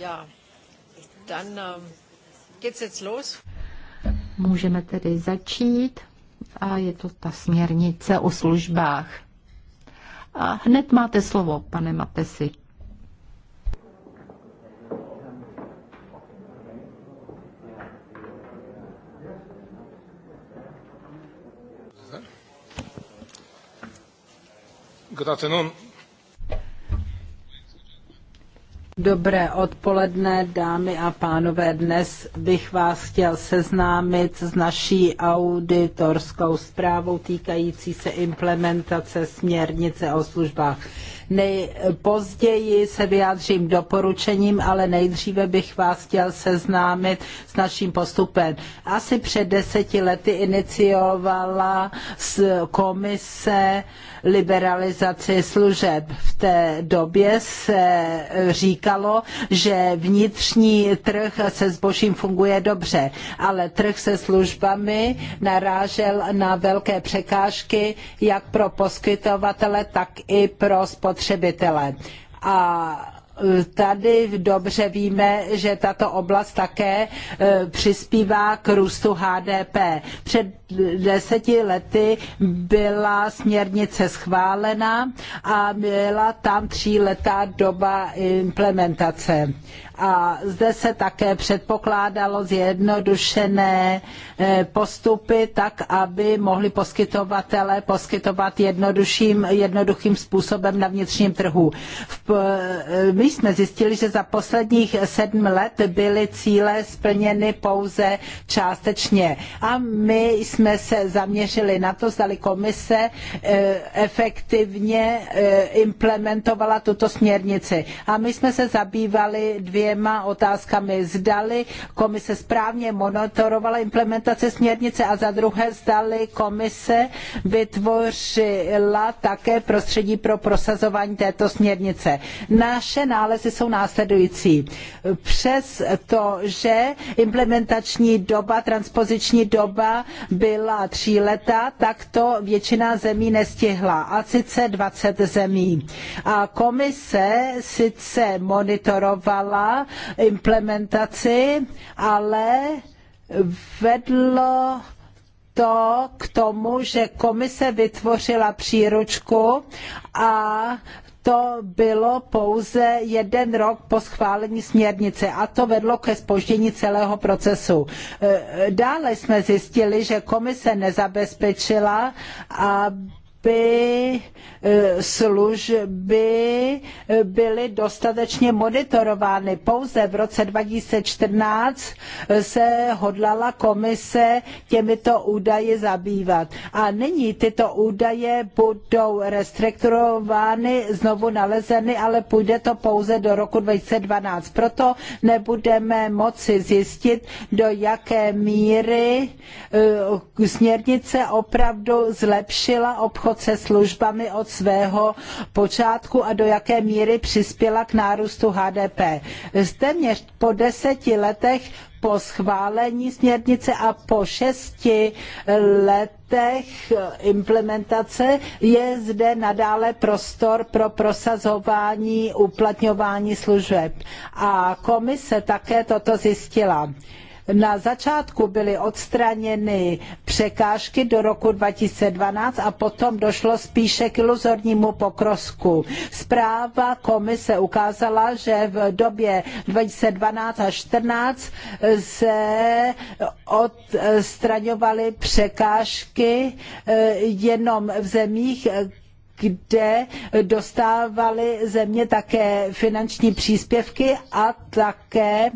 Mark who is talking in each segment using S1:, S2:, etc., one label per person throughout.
S1: Ja, dann ähm, geht's jetzt los.
S2: Můžeme tedy začít a je to ta směrnice o službách. A hned máte slovo, pane Matesi.
S1: Good afternoon.
S3: Dobré odpoledne, dámy a pánové. Dnes bych vás chtěl seznámit s naší auditorskou zprávou týkající se implementace směrnice o službách. Nejpozději později se vyjádřím doporučením, ale nejdříve bych vás chtěl seznámit s naším postupem. Asi před deseti lety iniciovala z komise liberalizaci služeb. V té době se říkalo, že vnitřní trh se zbožím funguje dobře, ale trh se službami narážel na velké překážky jak pro poskytovatele, tak i pro spotřebitele spotřebitele. A e, tady dobře víme, že tato oblast také e, přispívá k růstu HDP. Před deseti lety byla směrnice schválena a byla tam tříletá doba implementace a zde se také předpokládalo zjednodušené eh, postupy tak, aby mohli poskytovatele poskytovat jednodušším, jednoduchým způsobem na vnitřním trhu. Eh, my jsme zjistili, že za posledních sedm let byly cíle splněny pouze částečně a my jsme se zaměřili na to, zdali komise eh, efektivně implementovala tuto směrnici. A my jsme se zabývali dvě dvěma otázkami. Zdali komise správně monitorovala implementaci směrnice a za druhé zdali komise vytvořila také prostředí pro prosazování této směrnice. Naše nálezy jsou následující. Přes to, že implementační doba, transpoziční doba byla tří leta, tak to většina zemí nestihla, a sice 20 zemí. A komise sice monitorovala implementaci, ale vedlo to k tomu, že komise vytvořila příručku a to bylo pouze jeden rok po schválení směrnice a to vedlo ke zpoždění celého procesu. E, e, dále jsme zjistili, že komise nezabezpečila, aby aby služby eh, eh, byly dostatečně monitorovány. Pouze v roce 2014 eh, se hodlala komise těmito údaje zabývat. A nyní tyto údaje budou restrukturovány, znovu nalezeny, ale půjde to pouze do roku 2012. Proto nebudeme moci zjistit, do jaké míry směrnice opravdu zlepšila obchod se službami od svého počátku a do jaké míry přispěla k nárůstu HDP. Téměř po deseti letech po schválení směrnice a po šesti letech implementace je zde nadále prostor pro prosazování uplatňování služeb. A komise také toto zjistila. Na začátku byly odstraněny překážky do roku 2012 a potom došlo spíše k iluzornímu pokrosku. Zpráva komise ukázala, že v době 2012 až 2014 se odstraňovaly překážky eh, jenom v zemích, kde dostávaly země také finanční příspěvky a také e,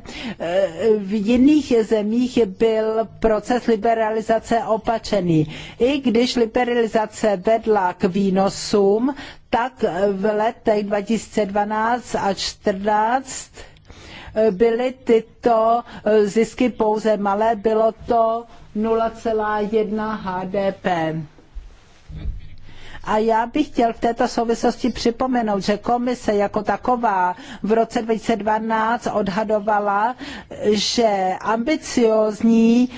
S3: v jiných zemích byl proces liberalizace opačený. I když liberalizace vedla k výnosům, tak v letech 2012 a 2014 byly tyto zisky pouze malé, bylo to 0,1 HDP. A já bych chtěl v této souvislosti připomenout, že komise jako taková v roce 2012 odhadovala, že ambiciózní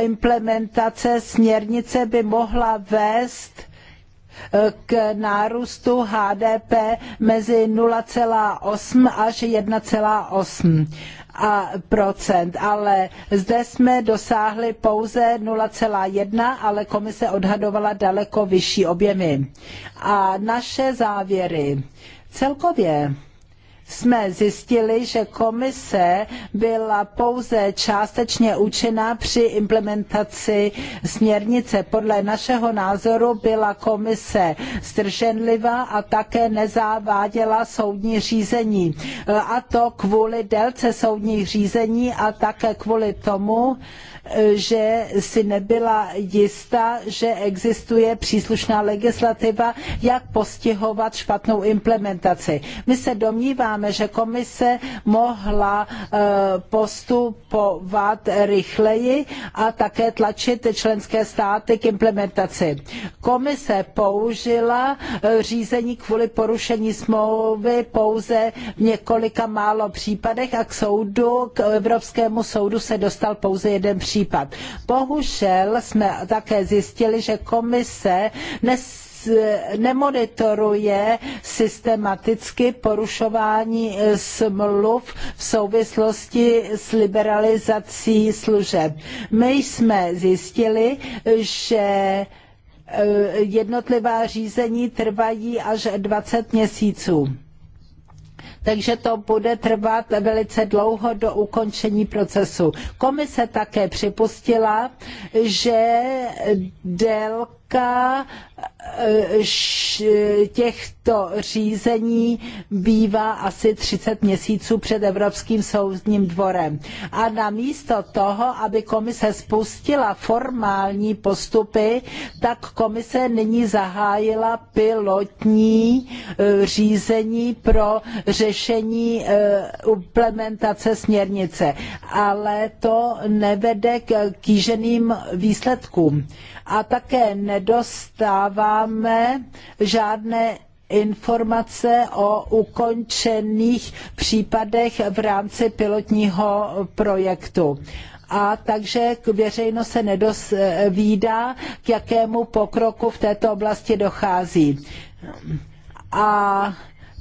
S3: implementace směrnice by mohla vést eh, k nárůstu HDP mezi 0,8 až 1,8 a procent, ale zde jsme dosáhli pouze 0,1, ale komise odhadovala daleko vyšší objemy. A naše závěry. Celkově jsme zjistili, že komise byla pouze částečně účinná při implementaci směrnice. Podle našeho názoru byla komise zdrženlivá a také nezaváděla soudní řízení. A to kvůli délce soudních řízení a také kvůli tomu, že si nebyla jistá, že existuje příslušná legislativa, jak postihovat špatnou implementaci. My se domníváme, že komise mohla eh, postupovat rychleji a také tlačit členské státy k implementaci. Komise použila eh, řízení kvůli porušení smlouvy pouze v několika málo případech a k soudu, k Evropskému soudu se dostal pouze jeden případ případ. Bohužel jsme také zjistili, že komise nes nemonitoruje systematicky porušování eh, smluv v souvislosti s liberalizací služeb. My jsme zjistili, že eh, jednotlivá řízení trvají až 20 měsíců takže to bude trvat velice dlouho do ukončení procesu. Komise také připustila, že délka půlka eh, těchto řízení bývá asi 30 měsíců před Evropským soudním dvorem. A namísto toho, aby komise spustila formální postupy, tak komise nyní zahájila pilotní eh, řízení pro řešení eh, implementace směrnice. Ale to nevede k kýženým výsledkům. A také ne nedostáváme žádné informace o ukončených případech v rámci pilotního projektu a takže veřejnost se nedozvídá, k jakému pokroku v této oblasti dochází. A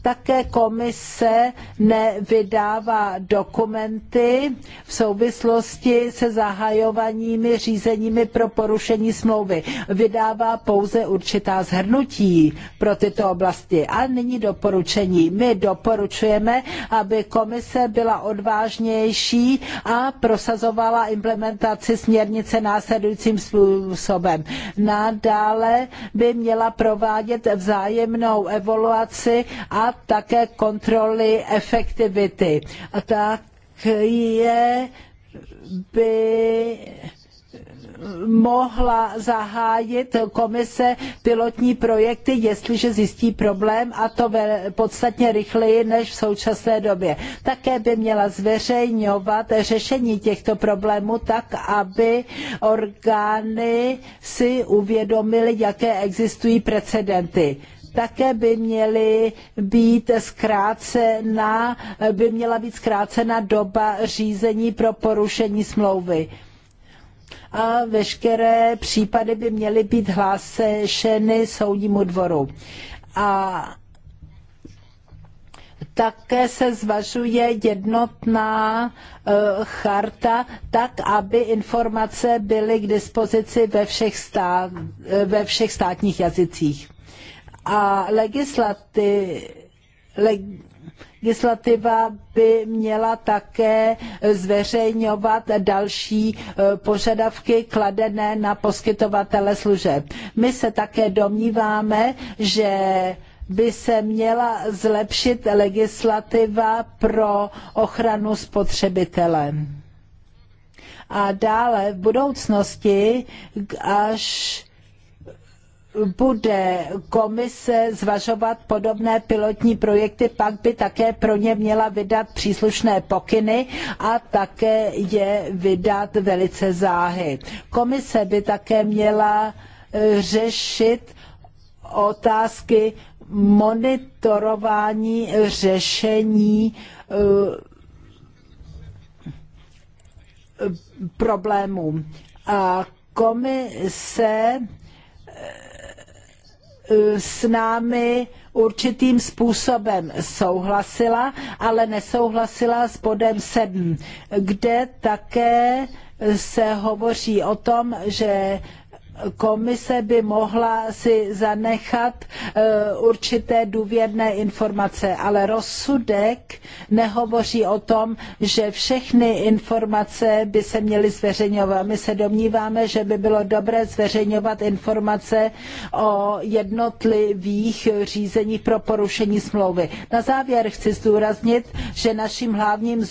S3: také komise nevydává dokumenty v souvislosti se zahajovanými řízeními pro porušení smlouvy. Vydává pouze určitá zhrnutí pro tyto oblasti. A nyní doporučení. My doporučujeme, aby komise byla odvážnější a prosazovala implementaci směrnice následujícím způsobem. Nadále by měla provádět vzájemnou evaluaci a také kontroly efektivity. A tak je by mohla zahájit komise pilotní projekty, jestliže zjistí problém a to ve, podstatně rychleji než v současné době. Také by měla zveřejňovat řešení těchto problémů tak, aby orgány si uvědomily, jaké existují precedenty také by měly být zkrácena, by měla být zkrácena doba řízení pro porušení smlouvy a veškeré případy by měly být hlášeny soudnímu dvoru. A také se zvažuje jednotná eh, charta, tak aby informace byly k dispozici ve všech, stát, eh, ve všech státních jazycích a legislativ, leg, legislativa by měla také zveřejňovat další eh, požadavky kladené na poskytovatele služeb. My se také domníváme, že by se měla zlepšit legislativa pro ochranu spotřebitele. A dále v budoucnosti, až bude komise zvažovat podobné pilotní projekty, pak by také pro ně měla vydat příslušné pokyny a také je vydat velice záhy. Komise by také měla eh, řešit otázky monitorování řešení eh, problémů. A komise Eh, s námi určitým způsobem souhlasila, ale nesouhlasila s bodem 7, kde také se hovoří o tom, že komise by mohla si zanechat eh, určité důvěrné informace, ale rozsudek nehovoří o tom, že všechny informace by se měly zveřejňovat. My se domníváme, že by bylo dobré zveřejňovat informace o jednotlivých řízeních pro porušení smlouvy. Na závěr chci zdůraznit, že naším hlavním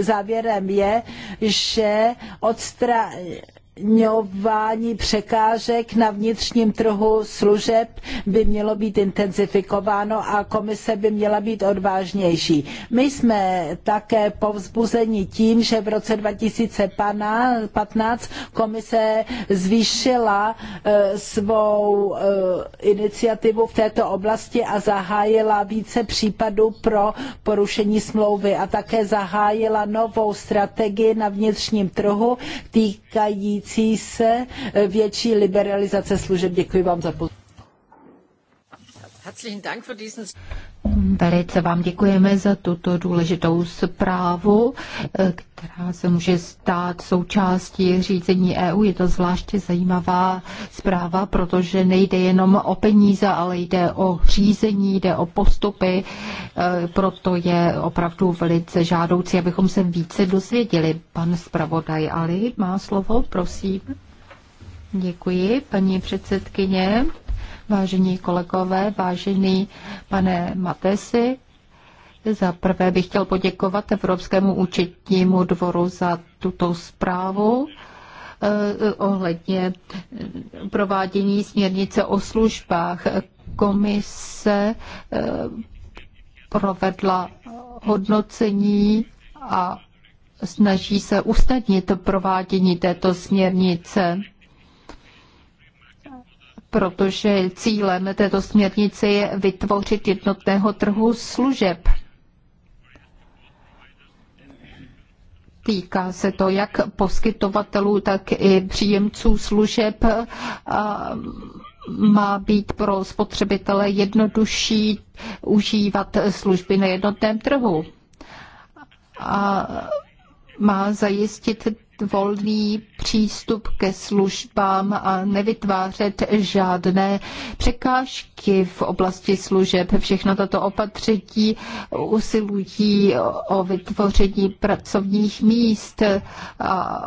S3: závěrem je, že odstraní odstraňování překážek na vnitřním trhu služeb by mělo být intenzifikováno a komise by měla být odvážnější. My jsme také povzbuzeni tím, že v roce 2015 komise zvýšila eh, svou eh, iniciativu v této oblasti a zahájila více případů pro porušení smlouvy a také zahájila novou strategii na vnitřním trhu týkající blížící se eh, větší liberalizace služeb. Děkuji vám za pozornost.
S2: Velice vám děkujeme za tuto důležitou zprávu, eh, která se může stát součástí řízení EU. Je to zvláště zajímavá zpráva, protože nejde jenom o peníze, ale jde o řízení, jde o postupy. Eh, proto je opravdu velice žádoucí, abychom se více dozvěděli. Pan zpravodaj Ali má slovo, prosím. Děkuji, paní předsedkyně. Vážení kolegové, vážený pane Matesi, za prvé bych chtěl poděkovat Evropskému účetnímu dvoru za tuto zprávu eh, ohledně eh, provádění směrnice o službách. Komise eh, provedla hodnocení a snaží se usnadnit provádění této směrnice protože cílem této směrnice je vytvořit jednotného trhu služeb. Týká se to jak poskytovatelů, tak i příjemců služeb. A má být pro spotřebitele jednodušší užívat služby na jednotném trhu. A má zajistit volný přístup ke službám a nevytvářet žádné překážky v oblasti služeb. Všechno tato opatření usilují o vytvoření pracovních míst a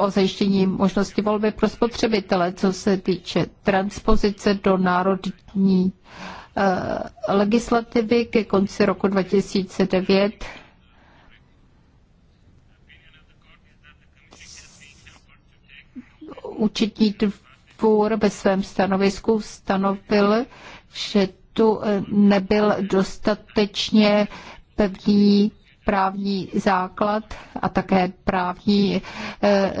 S2: o zajištění možnosti volby pro spotřebitele, co se týče transpozice do národní eh, legislativy ke konci roku 2009 účetní dvůr ve svém stanovisku stanovil, že tu eh, nebyl dostatečně pevný právní základ a také právní eh,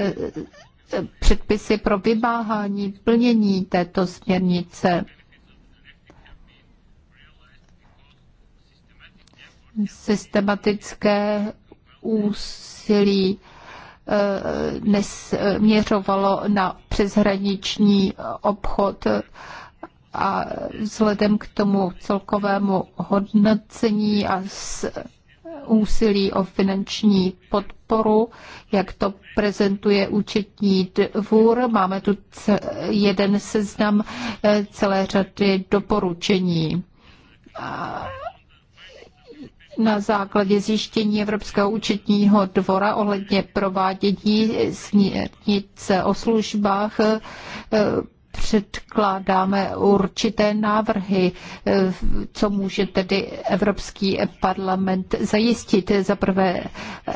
S2: eh, předpisy pro vymáhání plnění této směrnice. Systematické úsilí nesměřovalo eh, na přeshraniční obchod a vzhledem k tomu celkovému hodnocení a s úsilí o finanční podporu, jak to prezentuje účetní dvůr. Máme tu jeden seznam eh, celé řady doporučení na základě zjištění Evropského účetního dvora ohledně provádění směrnice o službách eh, předkládáme určité návrhy, eh, co může tedy Evropský parlament zajistit. Za prvé,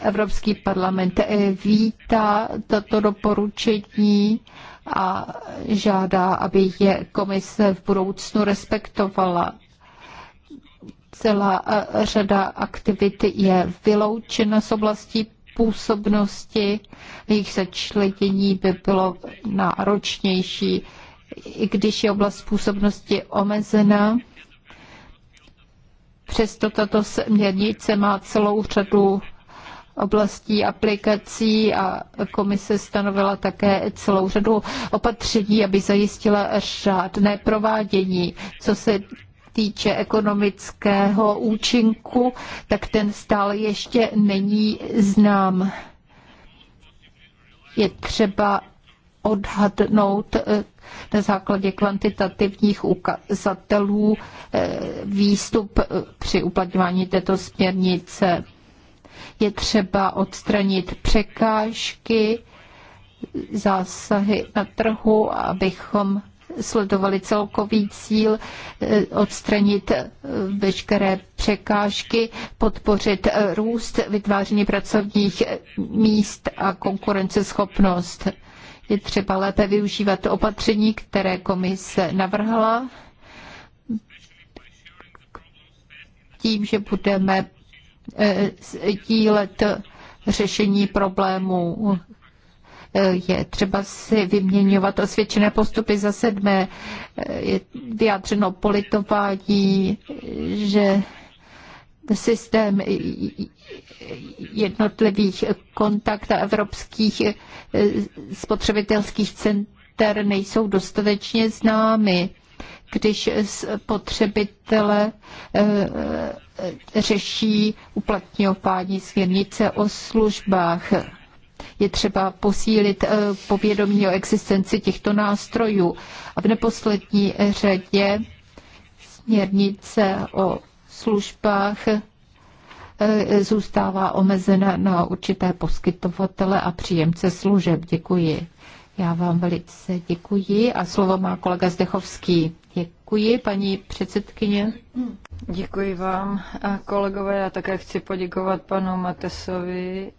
S2: Evropský parlament vítá tato doporučení a žádá, aby je komise v budoucnu respektovala celá eh, řada aktivit je vyloučena z oblasti působnosti, jejich začlenění by bylo náročnější, i když je oblast působnosti omezena. Přesto tato směrnice má celou řadu oblastí aplikací a komise stanovila také celou řadu opatření, aby zajistila řádné provádění. Co se týče ekonomického účinku, tak ten stále ještě není znám. Je třeba odhadnout eh, na základě kvantitativních ukazatelů eh, výstup eh, při uplatňování této směrnice. Je třeba odstranit překážky, zásahy na trhu, abychom sledovali celkový cíl eh, odstranit eh, veškeré překážky, podpořit eh, růst, vytváření pracovních míst a konkurenceschopnost. Je třeba lépe využívat opatření, které komise navrhla, tím, že budeme sdílet řešení problémů je třeba si vyměňovat osvědčené postupy za sedmé. Je vyjádřeno politování, že systém jednotlivých kontakt a evropských spotřebitelských center nejsou dostatečně známy když spotřebitele eh, řeší uplatňování směrnice o službách. Je třeba posílit eh, povědomí o existenci těchto nástrojů. A v neposlední řadě směrnice o službách eh, zůstává omezena na určité poskytovatele a příjemce služeb. Děkuji. Já vám velice děkuji a slovo má kolega Zdechovský. Děkuji, paní předsedkyně.
S1: Děkuji vám. Eh, kolegové, já také chci poděkovat panu Matesovi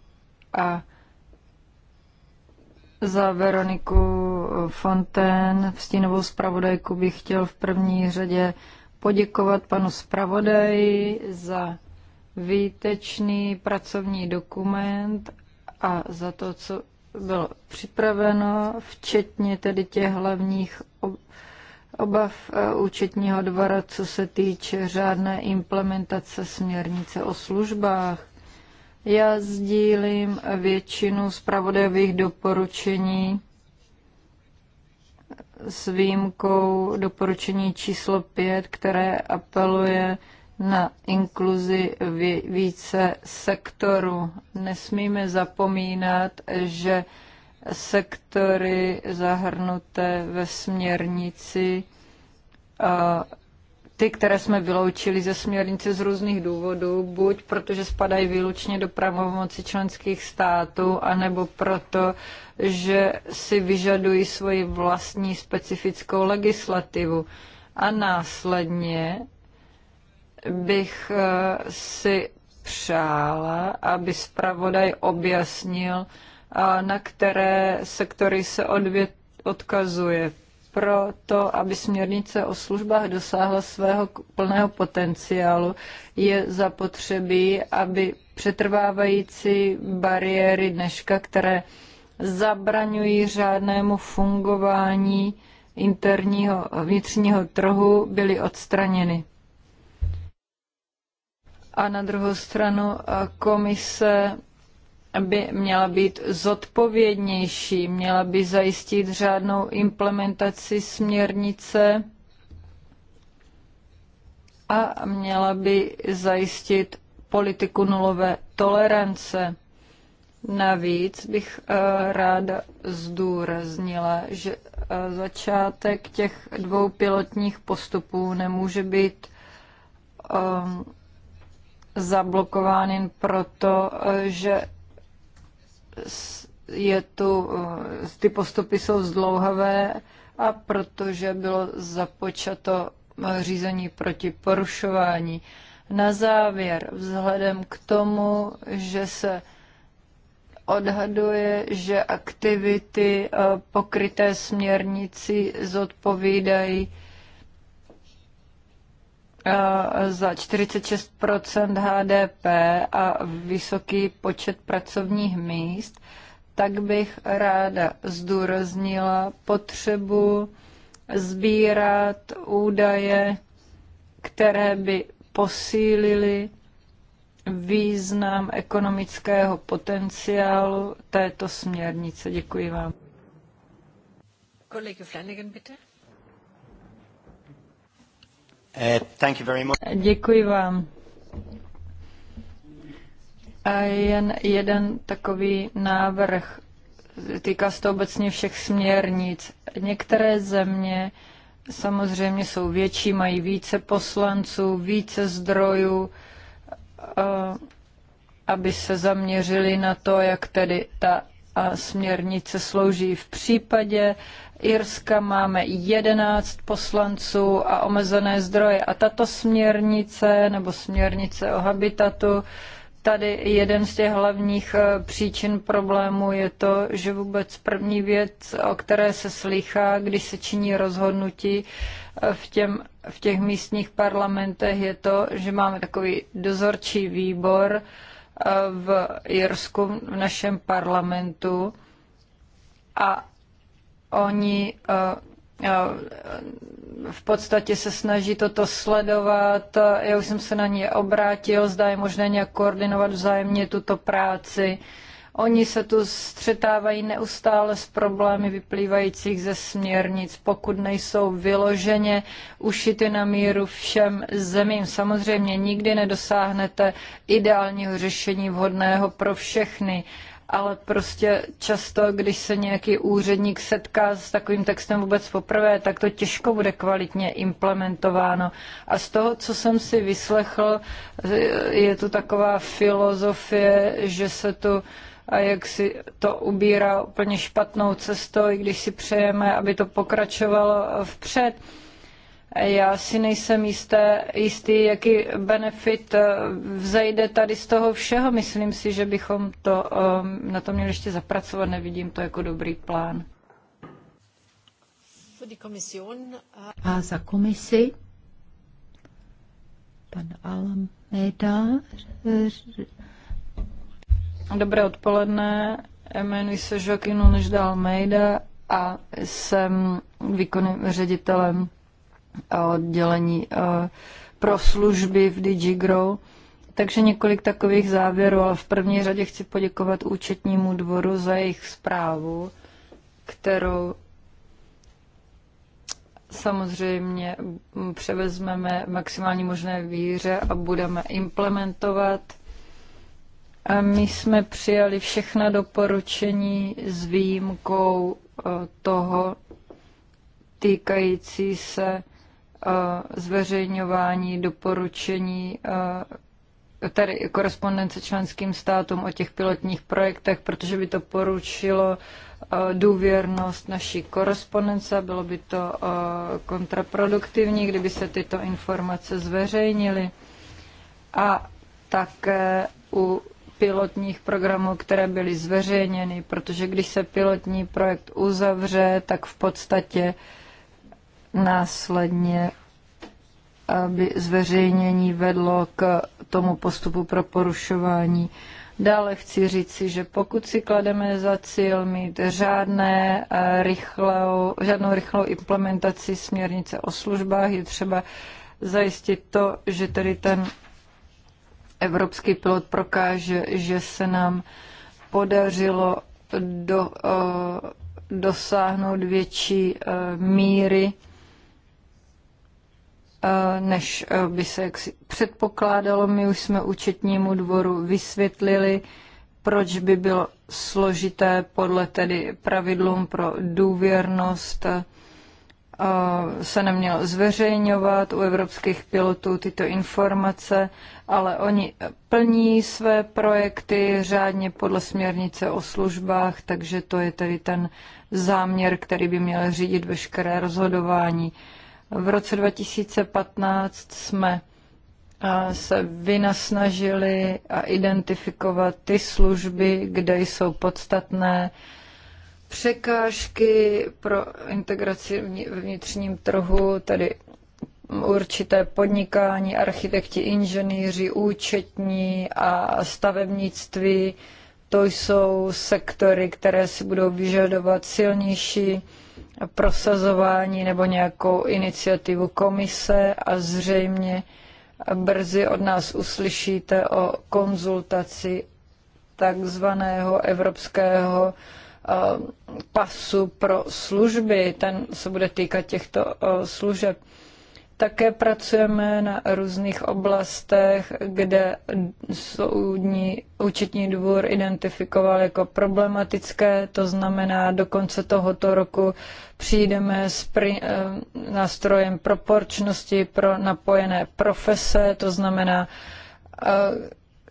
S1: a za Veroniku Fontén, stínovou zpravodajku, bych chtěl v první řadě poděkovat panu zpravodaji za výtečný pracovní dokument a za to, co bylo připraveno, včetně tedy těch hlavních obav e, účetního dvora, co se týče řádné implementace směrnice o službách. Já sdílím většinu zpravodajových doporučení s výjimkou doporučení číslo 5, které apeluje na inkluzi více sektorů. Nesmíme zapomínat, že sektory zahrnuté ve směrnici ty, které jsme vyloučili ze směrnice z různých důvodů, buď protože spadají výlučně do pravomoci členských států, anebo proto, že si vyžadují svoji vlastní specifickou legislativu. A následně bych eh, si přála, aby zpravodaj objasnil, eh, na které sektory se odvět odkazuje, pro to, aby směrnice o službách dosáhla svého plného potenciálu, je zapotřebí, aby přetrvávající bariéry dneška, které zabraňují řádnému fungování interního vnitřního trhu, byly odstraněny. A na druhou stranu komise by měla být zodpovědnější, měla by zajistit řádnou implementaci směrnice a měla by zajistit politiku nulové tolerance. Navíc bych eh, ráda zdůraznila, že eh, začátek těch dvou pilotních postupů nemůže být eh, zablokován jen proto, že je tu, eh, ty postupy jsou zdlouhavé a protože bylo započato eh, řízení proti porušování. Na závěr, vzhledem k tomu, že se odhaduje, že aktivity eh, pokryté směrnici zodpovídají Eh, za 46 HDP a vysoký počet pracovních míst, tak bych ráda zdůraznila potřebu sbírat údaje, které by posílily význam ekonomického potenciálu této směrnice. Děkuji vám.
S3: Kolega Flanagan, bitte. Eh, Děkuji
S1: vám. A jen jeden takový návrh. Týká se to obecně všech směrnic. Některé země samozřejmě jsou větší, mají více poslanců, více zdrojů, eh, aby se zaměřili na to, jak tedy ta a směrnice slouží v případě Irska máme 11 poslanců a omezené zdroje. A tato směrnice nebo směrnice o habitatu tady jeden z těch hlavních eh, příčin problému je to, že vůbec první věc, o které se slychá, když se činí rozhodnutí eh, v, těm, v těch místních parlamentech, je to, že máme takový dozorčí výbor, Eh, v Jirsku, v našem parlamentu a oni eh, eh, v podstatě se snaží toto sledovat. Já už jsem se na ně obrátil, zda je možné nějak koordinovat vzájemně tuto práci. Oni se tu střetávají neustále s problémy vyplývajících ze směrnic, pokud nejsou vyloženě ušity na míru všem zemím. Samozřejmě nikdy nedosáhnete ideálního řešení vhodného pro všechny, ale prostě často, když se nějaký úředník setká s takovým textem vůbec poprvé, tak to těžko bude kvalitně implementováno. A z toho, co jsem si vyslechl, je tu taková filozofie, že se tu a jak si to ubírá úplně špatnou cestou, i když si přejeme, aby to pokračovalo vpřed. Já si nejsem jisté, jistý, jaký benefit eh, vzejde tady z toho všeho. Myslím si, že bychom to, eh, na to měli ještě zapracovat. Nevidím to
S2: jako dobrý plán. Eh, a za komisi pan Almeda
S1: Dobré odpoledne, jmenuji se Joaquin Nunes Almeida a jsem výkonným ředitelem oddělení eh, pro služby v DigiGrow. Takže několik takových závěrů, ale v první řadě chci poděkovat účetnímu dvoru za jejich zprávu, kterou samozřejmě převezmeme v maximální možné víře a budeme implementovat a my jsme přijali všechna doporučení s výjimkou e, toho týkající se e, zveřejňování doporučení e, tedy korespondence členským státům o těch pilotních projektech, protože by to poručilo důvěrnost naší korespondence, bylo by to kontraproduktivní, kdyby se tyto informace zveřejnily. A také u pilotních programů, které byly zveřejněny, protože když se pilotní projekt uzavře, tak v podstatě následně aby zveřejnění vedlo k tomu postupu pro porušování. Dále chci říci, že pokud si klademe za cíl mít řádné, eh, rychlou, žádnou rychlou implementaci směrnice o službách, je třeba zajistit to, že tedy ten evropský pilot prokáže, že se nám podařilo do, eh, dosáhnout větší eh, míry, eh, než by se předpokládalo. My už jsme účetnímu dvoru vysvětlili, proč by bylo složité podle tedy pravidlům pro důvěrnost Eh, se nemělo zveřejňovat u evropských pilotů tyto informace, ale oni plní své projekty řádně podle směrnice o službách, takže to je tedy ten záměr, který by měl řídit veškeré rozhodování. V roce 2015 jsme eh, se vynasnažili a identifikovat ty služby, kde jsou podstatné překážky pro integraci ve vnitřním trhu, tedy určité podnikání, architekti, inženýři, účetní a stavebnictví. To jsou sektory, které si budou vyžadovat silnější prosazování nebo nějakou iniciativu komise a zřejmě brzy od nás uslyšíte o konzultaci takzvaného evropského Eh, pasu pro služby, ten se bude týkat těchto eh, služeb. Také pracujeme na různých oblastech, kde soudní účetní dvůr identifikoval jako problematické, to znamená, do konce tohoto roku přijdeme s pri, eh, nástrojem proporčnosti pro napojené profese, to znamená,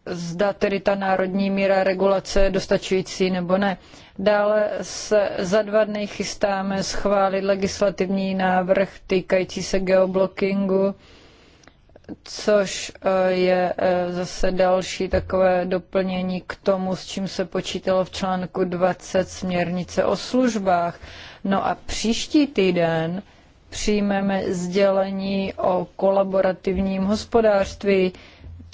S1: zda tedy ta národní míra regulace je dostačující nebo ne. Dále se za dva dny chystáme schválit legislativní návrh týkající se geoblockingu, což eh, je eh, zase další takové doplnění k tomu, s čím se počítalo v článku 20 směrnice o službách. No a příští týden přijmeme sdělení o kolaborativním hospodářství,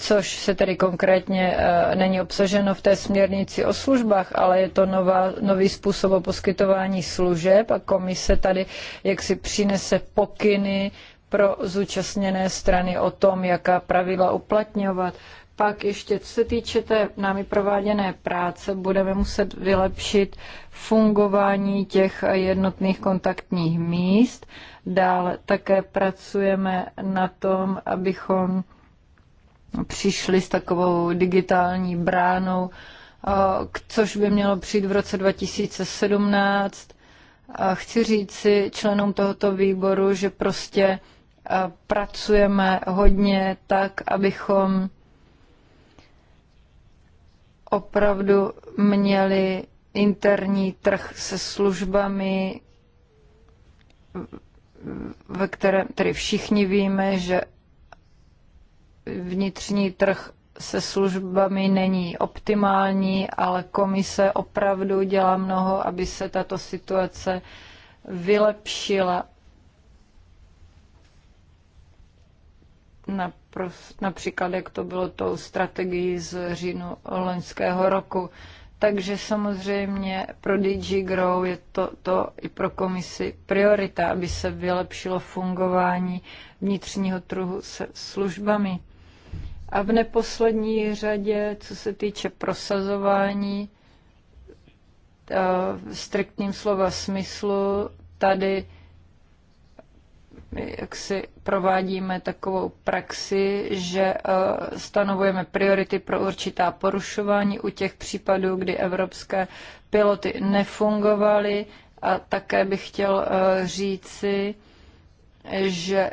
S1: což se tedy konkrétně eh, není obsaženo v té směrnici o službách, ale je to nová, nový způsob o poskytování služeb a komise tady jak si přinese pokyny pro zúčastněné strany o tom, jaká pravidla uplatňovat. Pak ještě, co se týče té námi prováděné práce, budeme muset vylepšit fungování těch jednotných kontaktních míst. Dále také pracujeme na tom, abychom přišli s takovou digitální bránou, což by mělo přijít v roce 2017. A chci říct si členům tohoto výboru, že prostě pracujeme hodně tak, abychom opravdu měli interní trh se službami, ve kterém tedy všichni víme, že vnitřní trh se službami není optimální, ale komise opravdu dělá mnoho, aby se tato situace vylepšila. Například, jak to bylo tou strategií z říjnu loňského roku. Takže samozřejmě pro DG Grow je to, to i pro komisi priorita, aby se vylepšilo fungování vnitřního trhu se službami. A v neposlední řadě, co se týče prosazování, v eh, striktním slova smyslu, tady eh, jak si provádíme takovou praxi, že eh, stanovujeme priority pro určitá porušování u těch případů, kdy evropské piloty nefungovaly. A také bych chtěl říci, že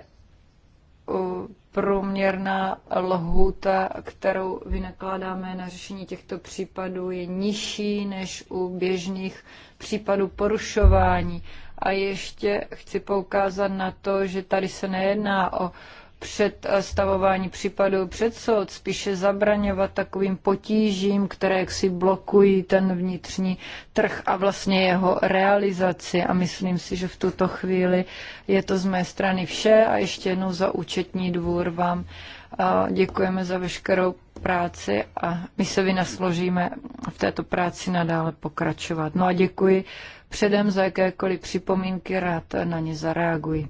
S1: průměrná lhůta, kterou vynakládáme na řešení těchto případů, je nižší než u běžných případů porušování. A ještě chci poukázat na to, že tady se nejedná o představování případů před soud, spíše zabraňovat takovým potížím, které jaksi blokují ten vnitřní trh a vlastně jeho realizaci. A myslím si, že v tuto chvíli je to z mé strany vše a ještě jednou za účetní dvůr vám děkujeme za veškerou práci a my se vynasložíme v této práci nadále pokračovat. No a děkuji předem za jakékoliv připomínky, rád na ně zareaguji.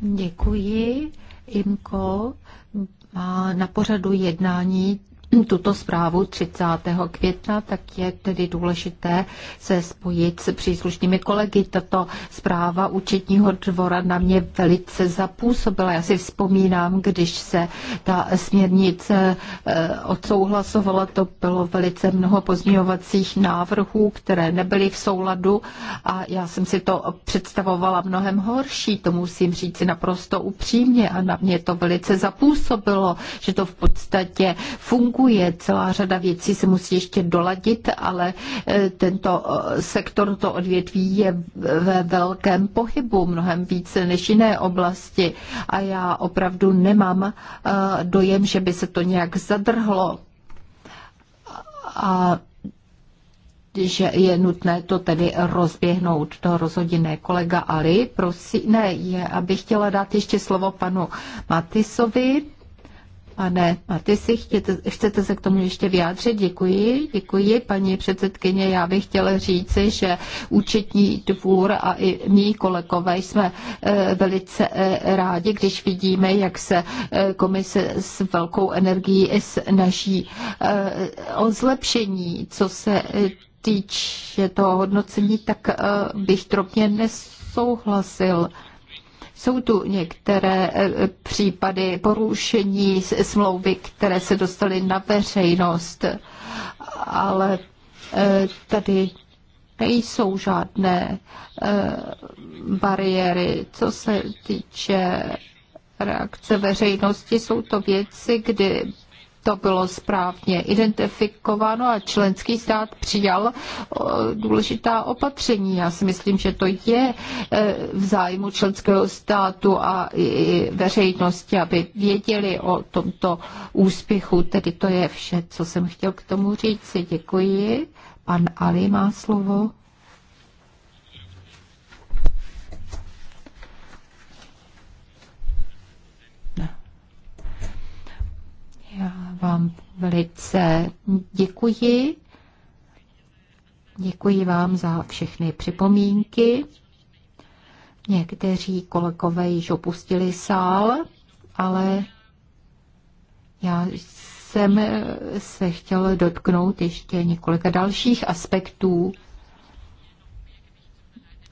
S2: Děkuji. IMCO má na pořadu jednání tuto zprávu 30. května, tak je tedy důležité se spojit s příslušnými kolegy. Tato zpráva účetního dvora na mě velice zapůsobila. Já si vzpomínám, když se ta směrnice eh, odsouhlasovala, to bylo velice mnoho pozměňovacích návrhů, které nebyly v souladu a já jsem si to představovala mnohem horší, to musím říct naprosto upřímně a na mě to velice zapůsobilo, že to v podstatě funguje blokuje. Celá řada věcí se musí ještě doladit, ale eh, tento eh, sektor, to odvětví je ve velkém pohybu, mnohem více než jiné oblasti a já opravdu nemám eh, dojem, že by se to nějak zadrhlo. A že je nutné to tedy rozběhnout. To rozhodně kolega Ali, prosím, ne, je, abych chtěla dát ještě slovo panu Matisovi. Pane Matysi, chtěte, chcete se k tomu ještě vyjádřit? Děkuji, děkuji, paní předsedkyně. Já bych chtěla říci, že účetní dvůr a i mý kolegové jsme eh, velice eh, rádi, když vidíme, jak se eh, komise s velkou energií snaží o zlepšení, co se týče toho hodnocení, tak bych drobně nesouhlasil. Jsou tu některé eh, případy porušení smlouvy, které se dostaly na veřejnost, ale eh, tady nejsou žádné eh, bariéry, co se týče reakce veřejnosti. Jsou to věci, kdy to bylo správně identifikováno a členský stát přijal důležitá opatření. Já si myslím, že to je e, v zájmu členského státu a i veřejnosti, aby věděli o tomto úspěchu. Tedy to je vše, co jsem chtěl k tomu říct. Děkuji. Pan Ali má slovo. vám velice děkuji. Děkuji vám za všechny připomínky. Někteří kolegové již opustili sál, ale já jsem se chtěl dotknout ještě několika dalších aspektů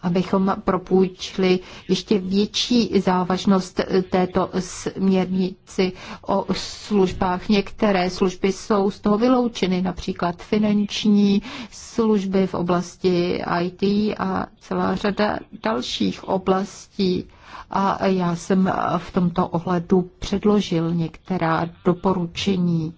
S2: abychom propůjčili ještě větší závažnost e, této směrnici o službách. Některé služby jsou z toho vyloučeny, například finanční služby v oblasti IT a celá řada dalších oblastí. A já jsem v tomto ohledu předložil některá doporučení.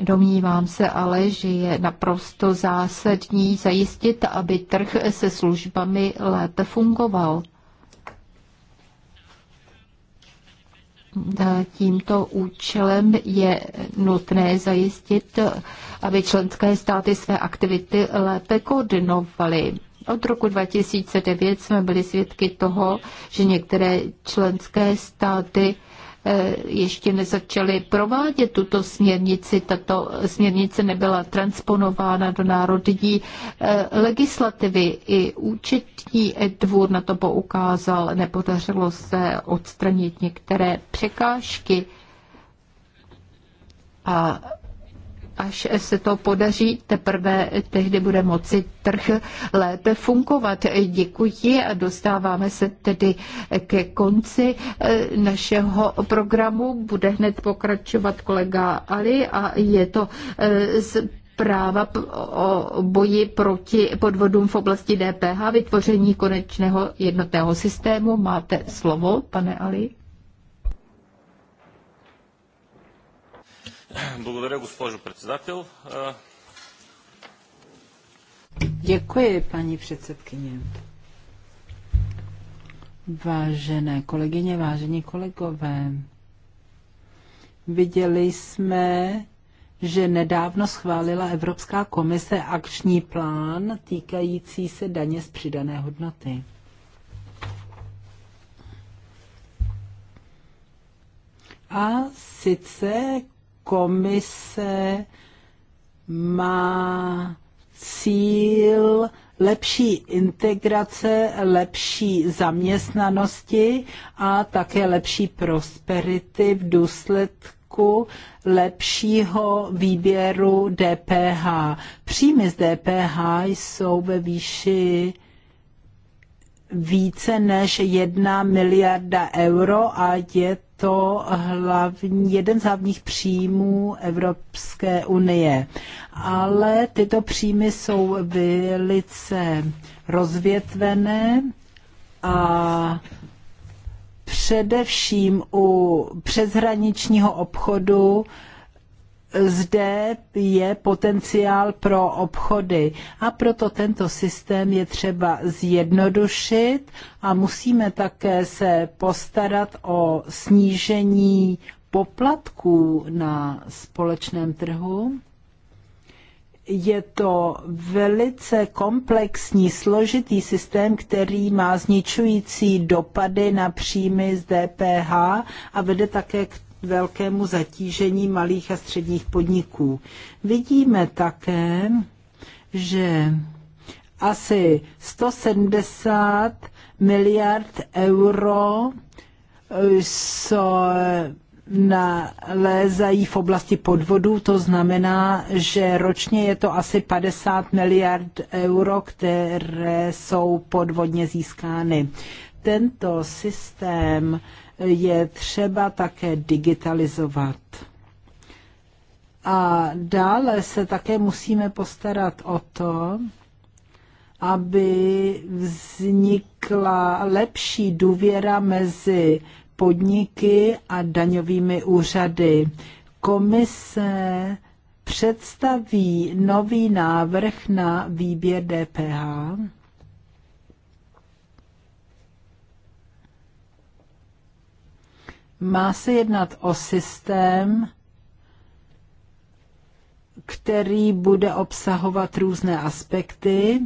S2: Domnívám se ale, že je naprosto zásadní zajistit, aby trh se službami lépe fungoval. Tímto účelem je nutné zajistit, aby členské státy své aktivity lépe koordinovaly. Od roku 2009 jsme byli svědky toho, že některé členské státy Eh, ještě nezačaly provádět tuto směrnici. Tato směrnice nebyla transponována do národní eh, legislativy. I účetní dvůr na to poukázal. Nepodařilo se odstranit některé překážky. A až se to podaří, teprve tehdy bude moci trh lépe fungovat. Děkuji a dostáváme se tedy ke konci eh, našeho programu. Bude hned pokračovat kolega Ali a je to eh, z práva o boji proti podvodům v oblasti DPH, vytvoření konečného jednotného systému. Máte slovo, pane Ali.
S1: Благодаря, госпожо
S2: председател.
S3: Děkuji, paní předsedkyně. Vážené kolegyně, vážení kolegové, viděli jsme, že nedávno schválila Evropská komise akční plán týkající se daně z přidané hodnoty. A sice komise má cíl lepší integrace, lepší zaměstnanosti a také lepší prosperity v důsledku lepšího výběru DPH. Příjmy z DPH jsou ve výši více než 1 miliarda euro a je to hlavní, jeden z hlavních příjmů Evropské unie. Ale tyto příjmy jsou velice rozvětvené a především u přeshraničního obchodu zde je potenciál pro obchody a proto tento systém je třeba zjednodušit a musíme také se postarat o snížení poplatků na společném trhu. Je to velice komplexní, složitý systém, který má zničující dopady na příjmy z DPH a vede také k velkému zatížení malých a středních podniků. Vidíme také, že asi 170 miliard euro jsou eh, nalézají v oblasti podvodů, to znamená, že ročně je to asi 50 miliard euro, které jsou podvodně získány. Tento systém je třeba také digitalizovat. A dále se také musíme postarat o to, aby vznikla lepší důvěra mezi podniky a daňovými úřady. Komise představí nový návrh na výběr DPH Má se jednat o systém, který bude obsahovat různé aspekty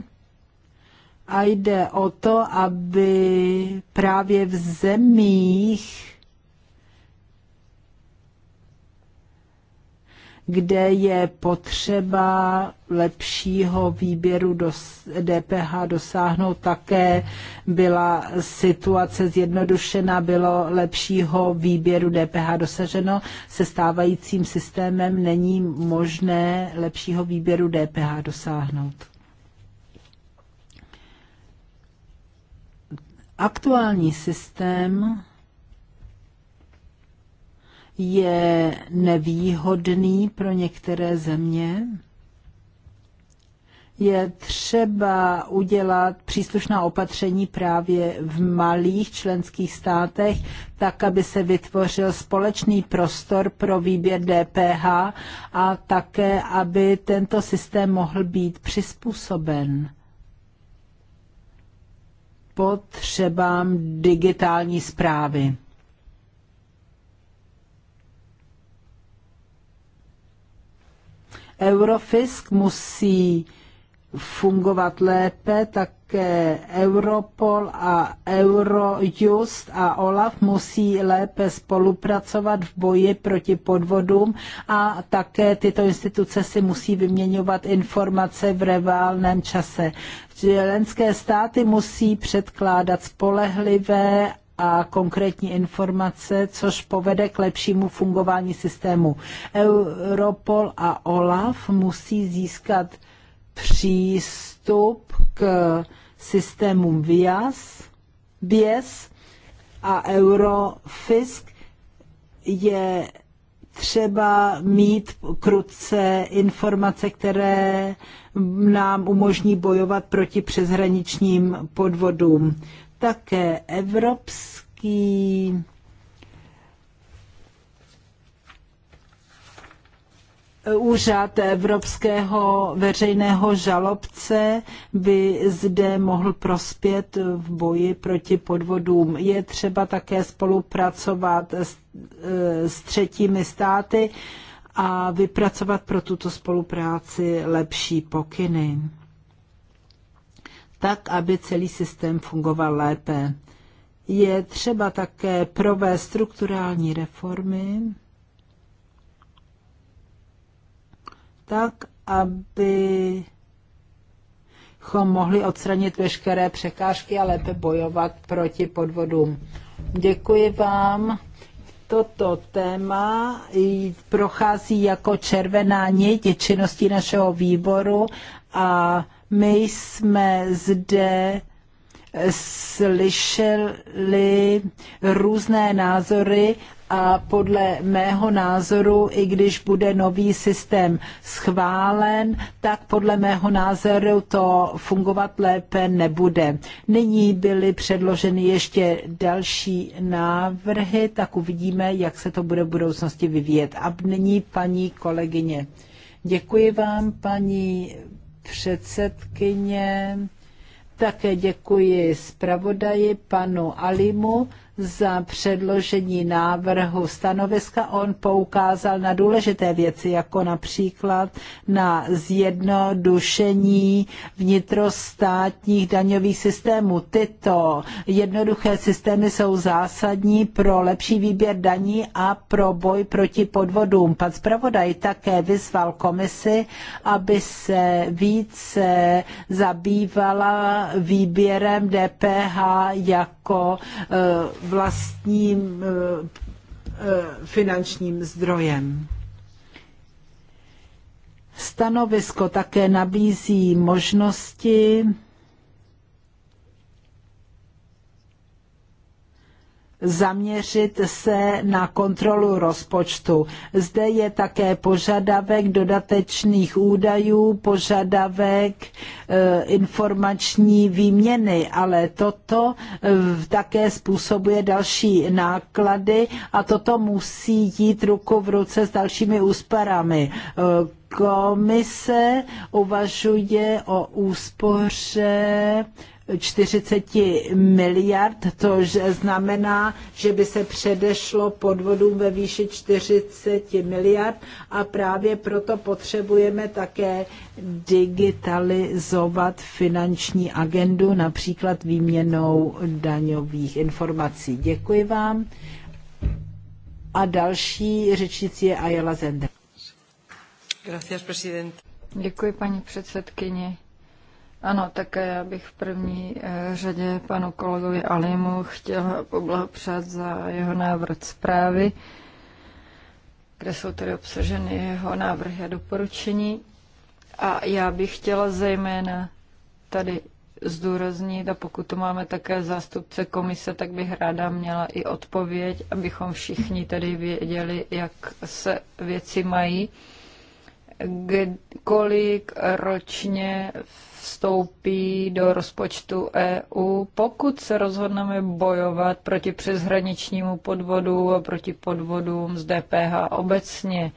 S3: a jde o to, aby právě v zemích, kde je potřeba lepšího výběru DPH dosáhnout také, byla situace zjednodušena, bylo lepšího výběru DPH dosaženo. Se stávajícím systémem není možné lepšího výběru DPH dosáhnout. Aktuální systém je nevýhodný pro některé země. Je třeba udělat příslušná opatření právě v malých členských státech, tak aby se vytvořil společný prostor pro výběr DPH a také, aby tento systém mohl být přizpůsoben potřebám digitální zprávy. Eurofisk musí fungovat lépe, také Europol a Eurojust a OLAF musí lépe spolupracovat v boji proti podvodům a také tyto instituce si musí vyměňovat informace v reálném čase. Členské státy musí předkládat spolehlivé a konkrétní informace, což povede k lepšímu fungování systému. Europol a OLAF musí získat přístup k systémům VIAS, BIES a Eurofisk je třeba mít krutce informace, které nám umožní bojovat proti přeshraničním podvodům také evropský úřad evropského veřejného žalobce by zde mohl prospět v boji proti podvodům. Je třeba také spolupracovat s, eh, s třetími státy a vypracovat pro tuto spolupráci lepší pokyny tak aby celý systém fungoval lépe. Je třeba také provést strukturální reformy, tak, aby bychom mohli odstranit veškeré překážky a lépe bojovat proti podvodům. Děkuji vám. Toto téma prochází jako červená nit činnosti našeho výboru a my jsme zde eh, slyšeli různé názory a podle mého názoru, i když bude nový systém schválen, tak podle mého názoru to fungovat lépe nebude. Nyní byly předloženy ještě další návrhy, tak uvidíme, jak se to bude v budoucnosti vyvíjet. A nyní paní kolegyně. Děkuji vám, paní předsedkyně. Také děkuji zpravodaji panu Alimu za předložení návrhu stanoviska. On poukázal na důležité věci, jako například na zjednodušení vnitrostátních daňových systémů. Tyto jednoduché systémy jsou zásadní pro lepší výběr daní a pro boj proti podvodům. Pan zpravodaj také vyzval komisi, aby se více zabývala výběrem DPH jako eh, vlastním eh, eh, finančním zdrojem. Stanovisko také nabízí možnosti zaměřit se na kontrolu rozpočtu. Zde je také požadavek dodatečných údajů, požadavek e, informační výměny, ale toto e, také způsobuje další náklady a toto musí jít ruku v ruce s dalšími úsporami. E, komise uvažuje o úspoře 40 miliard, to znamená, že by se předešlo podvodům ve výši 40 miliard a právě proto potřebujeme také digitalizovat finanční agendu, například výměnou daňových informací. Děkuji vám. A další řečnicí je Ayala Zender.
S1: Gracias, Děkuji, paní předsedkyně. Ano, také já bych v první eh, řadě panu kolegovi Alimu chtěl poblahopřát za jeho návrh zprávy, kde jsou tedy obsaženy jeho návrhy a doporučení. A já bych chtěla zejména tady zdůraznit a pokud to máme také zástupce komise, tak bych ráda měla i odpověď, abychom všichni tedy věděli, jak se věci mají kolik ročně vstoupí do rozpočtu EU, pokud se rozhodneme bojovat proti přeshraničnímu podvodu a proti podvodům z DPH obecně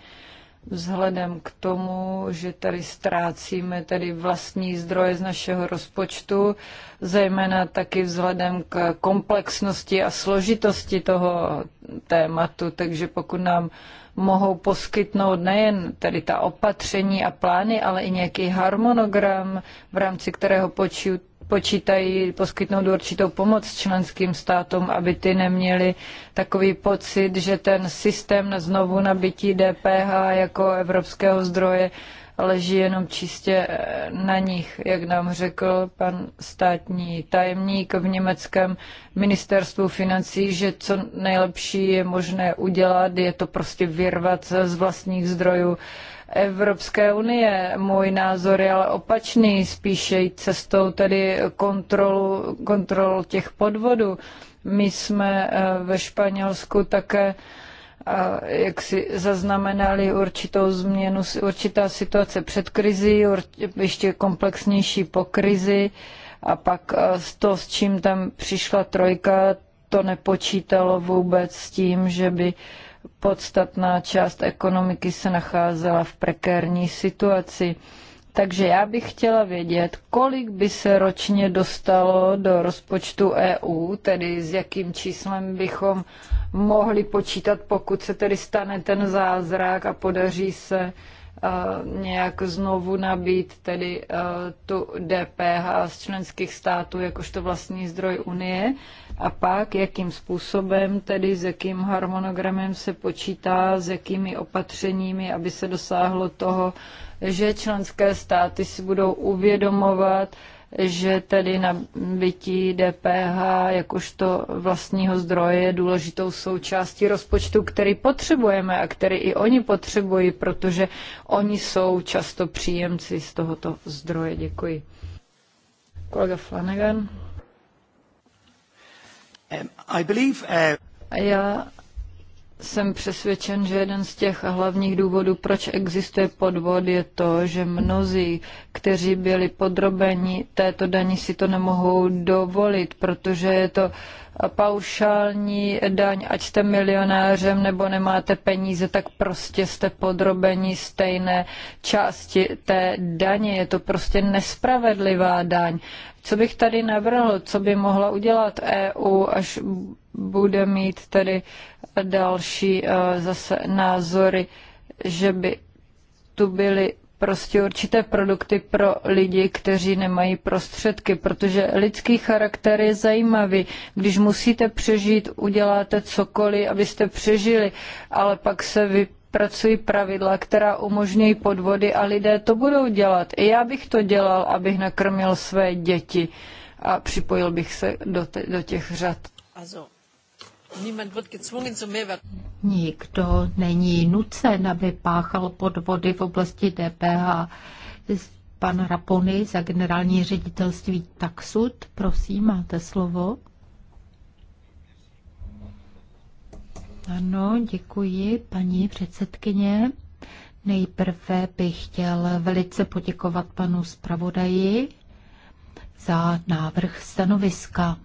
S1: vzhledem k tomu, že tady ztrácíme tady vlastní zdroje z našeho rozpočtu, zejména taky vzhledem k komplexnosti a složitosti toho tématu. Takže pokud nám mohou poskytnout nejen tedy ta opatření a plány, ale i nějaký harmonogram, v rámci kterého počít, počítají poskytnout určitou pomoc členským státům, aby ty neměli takový pocit, že ten systém na znovu nabití DPH jako evropského zdroje leží jenom čistě eh, na nich, jak nám řekl pan státní tajemník v německém ministerstvu financí, že co nejlepší je možné udělat, je to prostě vyrvat z vlastních zdrojů Evropské unie. Můj názor je ale opačný, spíše jít cestou tedy kontrolu, kontrol těch podvodů. My jsme eh, ve Španělsku také eh, jak si zaznamenali určitou změnu, určitá situace před krizí, ještě komplexnější po krizi a pak eh, to, s čím tam přišla trojka, to nepočítalo vůbec s tím, že by podstatná část ekonomiky se nacházela v prekérní situaci. Takže já bych chtěla vědět, kolik by se ročně dostalo do rozpočtu EU, tedy s jakým číslem bychom mohli počítat, pokud se tedy stane ten zázrak a podaří se Eh, nějak znovu nabít tedy eh, tu DPH z členských států jakožto vlastní zdroj Unie a pak jakým způsobem, tedy s jakým harmonogramem se počítá, s jakými opatřeními, aby se dosáhlo toho, že členské státy si budou uvědomovat, že tedy nabití DPH jakožto vlastního zdroje je důležitou součástí rozpočtu, který potřebujeme a který i oni potřebují, protože oni jsou často příjemci z tohoto zdroje. Děkuji. Kolega Flanagan. Um, I believe, uh... Já jsem přesvědčen, že jeden z těch hlavních důvodů, proč existuje podvod, je to, že mnozí, kteří byli podrobeni této daní, si to nemohou dovolit, protože je to paušální daň, ať jste milionářem nebo nemáte peníze, tak prostě jste podrobeni stejné části té daně. Je to prostě nespravedlivá daň. Co bych tady navrhl, co by mohla udělat EU, až bude mít tedy další eh, zase názory, že by tu byly prostě určité produkty pro lidi, kteří nemají prostředky, protože lidský charakter je zajímavý. Když musíte přežít, uděláte cokoliv, abyste přežili, ale pak se vy pracují pravidla, která umožňují podvody a lidé to budou dělat. I já bych to dělal, abych nakrmil své děti a připojil bych se do, do těch řad.
S2: Nikdo není nucen, aby páchal podvody v oblasti DPH. Pan Rapony za generální ředitelství Taxud, prosím, máte slovo. Ano, děkuji, paní předsedkyně. Nejprve bych chtěl velice poděkovat panu zpravodaji za návrh stanoviska.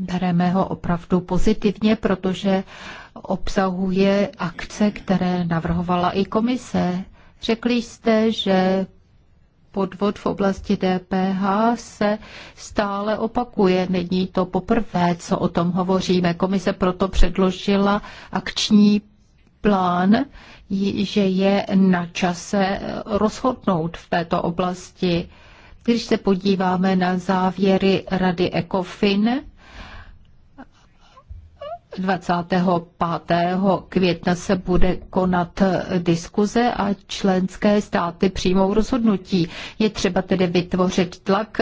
S2: Bereme ho opravdu pozitivně, protože obsahuje akce, které navrhovala i komise. Řekli jste, že podvod v oblasti DPH se stále opakuje. Není to poprvé, co o tom hovoříme. Komise proto předložila akční plán, že je na čase rozhodnout v této oblasti. Když se podíváme na závěry Rady ECOFIN, 25. května se bude konat diskuze a členské státy přijmou rozhodnutí. Je třeba tedy vytvořit tlak,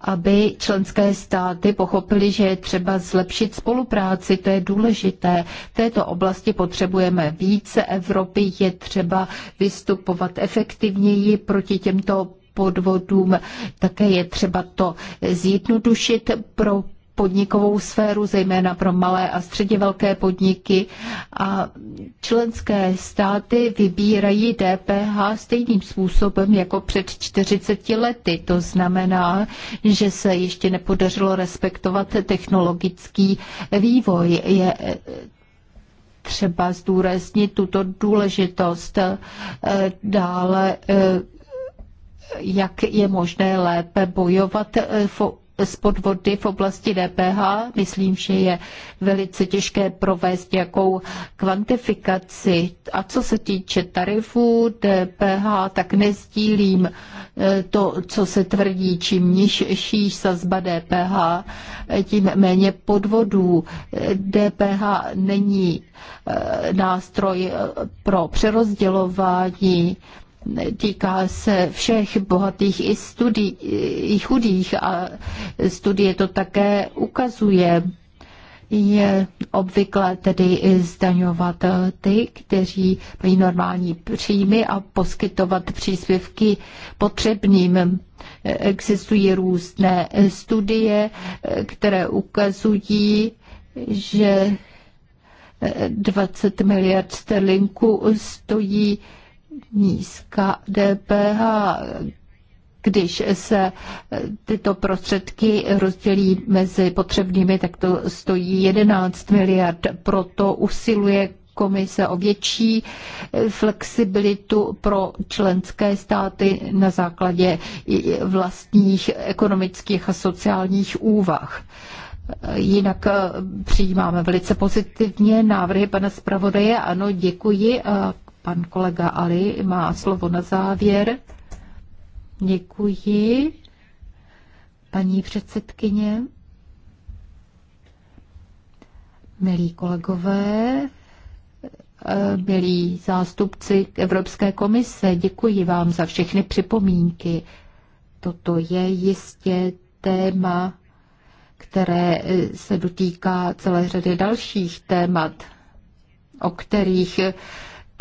S2: aby členské státy pochopili, že je třeba zlepšit spolupráci. To je důležité. V této oblasti potřebujeme více Evropy. Je třeba vystupovat efektivněji proti těmto podvodům. Také je třeba to zjednodušit pro podnikovou sféru, zejména pro malé a středně velké podniky. A členské státy vybírají DPH stejným způsobem jako před 40 lety. To znamená, že se ještě nepodařilo respektovat technologický vývoj. Je třeba zdůraznit tuto důležitost. Dále eh, jak je možné lépe bojovat eh, bez podvody v oblasti DPH. Myslím, že je velice těžké provést jakou kvantifikaci. A co se týče tarifů DPH, tak nezdílím eh, to, co se tvrdí, čím nižší sazba DPH, eh, tím méně podvodů. DPH eh, není nástroj pro přerozdělování týká se všech bohatých i, studi- i chudých a studie to také ukazuje. Je obvykle tedy zdaňovat ty, kteří mají normální příjmy a poskytovat příspěvky potřebným. Existují různé studie, které ukazují, že 20 miliard sterlinků stojí nízká DPH, když se tyto prostředky rozdělí mezi potřebnými, tak to stojí 11 miliard. Proto usiluje komise o větší flexibilitu pro členské státy na základě vlastních ekonomických a sociálních úvah. Jinak přijímáme velice pozitivně návrhy pana zpravodaje. Ano, děkuji. A Pan kolega Ali má slovo na závěr. Děkuji. Paní předsedkyně, milí kolegové, eh, milí zástupci Evropské komise, děkuji vám za všechny připomínky. Toto je jistě téma, které eh, se dotýká celé řady dalších témat, o kterých eh,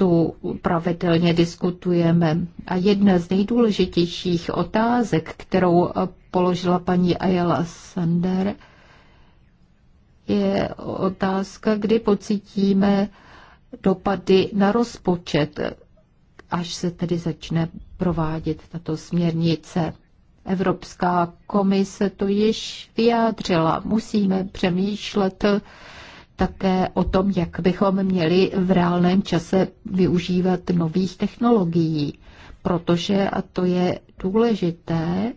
S2: tu pravidelně diskutujeme. A jedna z nejdůležitějších otázek, kterou položila paní Ayala Sander, je otázka, kdy pocítíme dopady na rozpočet, až se tedy začne provádět tato směrnice. Evropská komise to již vyjádřila. Musíme přemýšlet také o tom, jak bychom měli v reálném čase využívat nových technologií, protože, a to je důležité,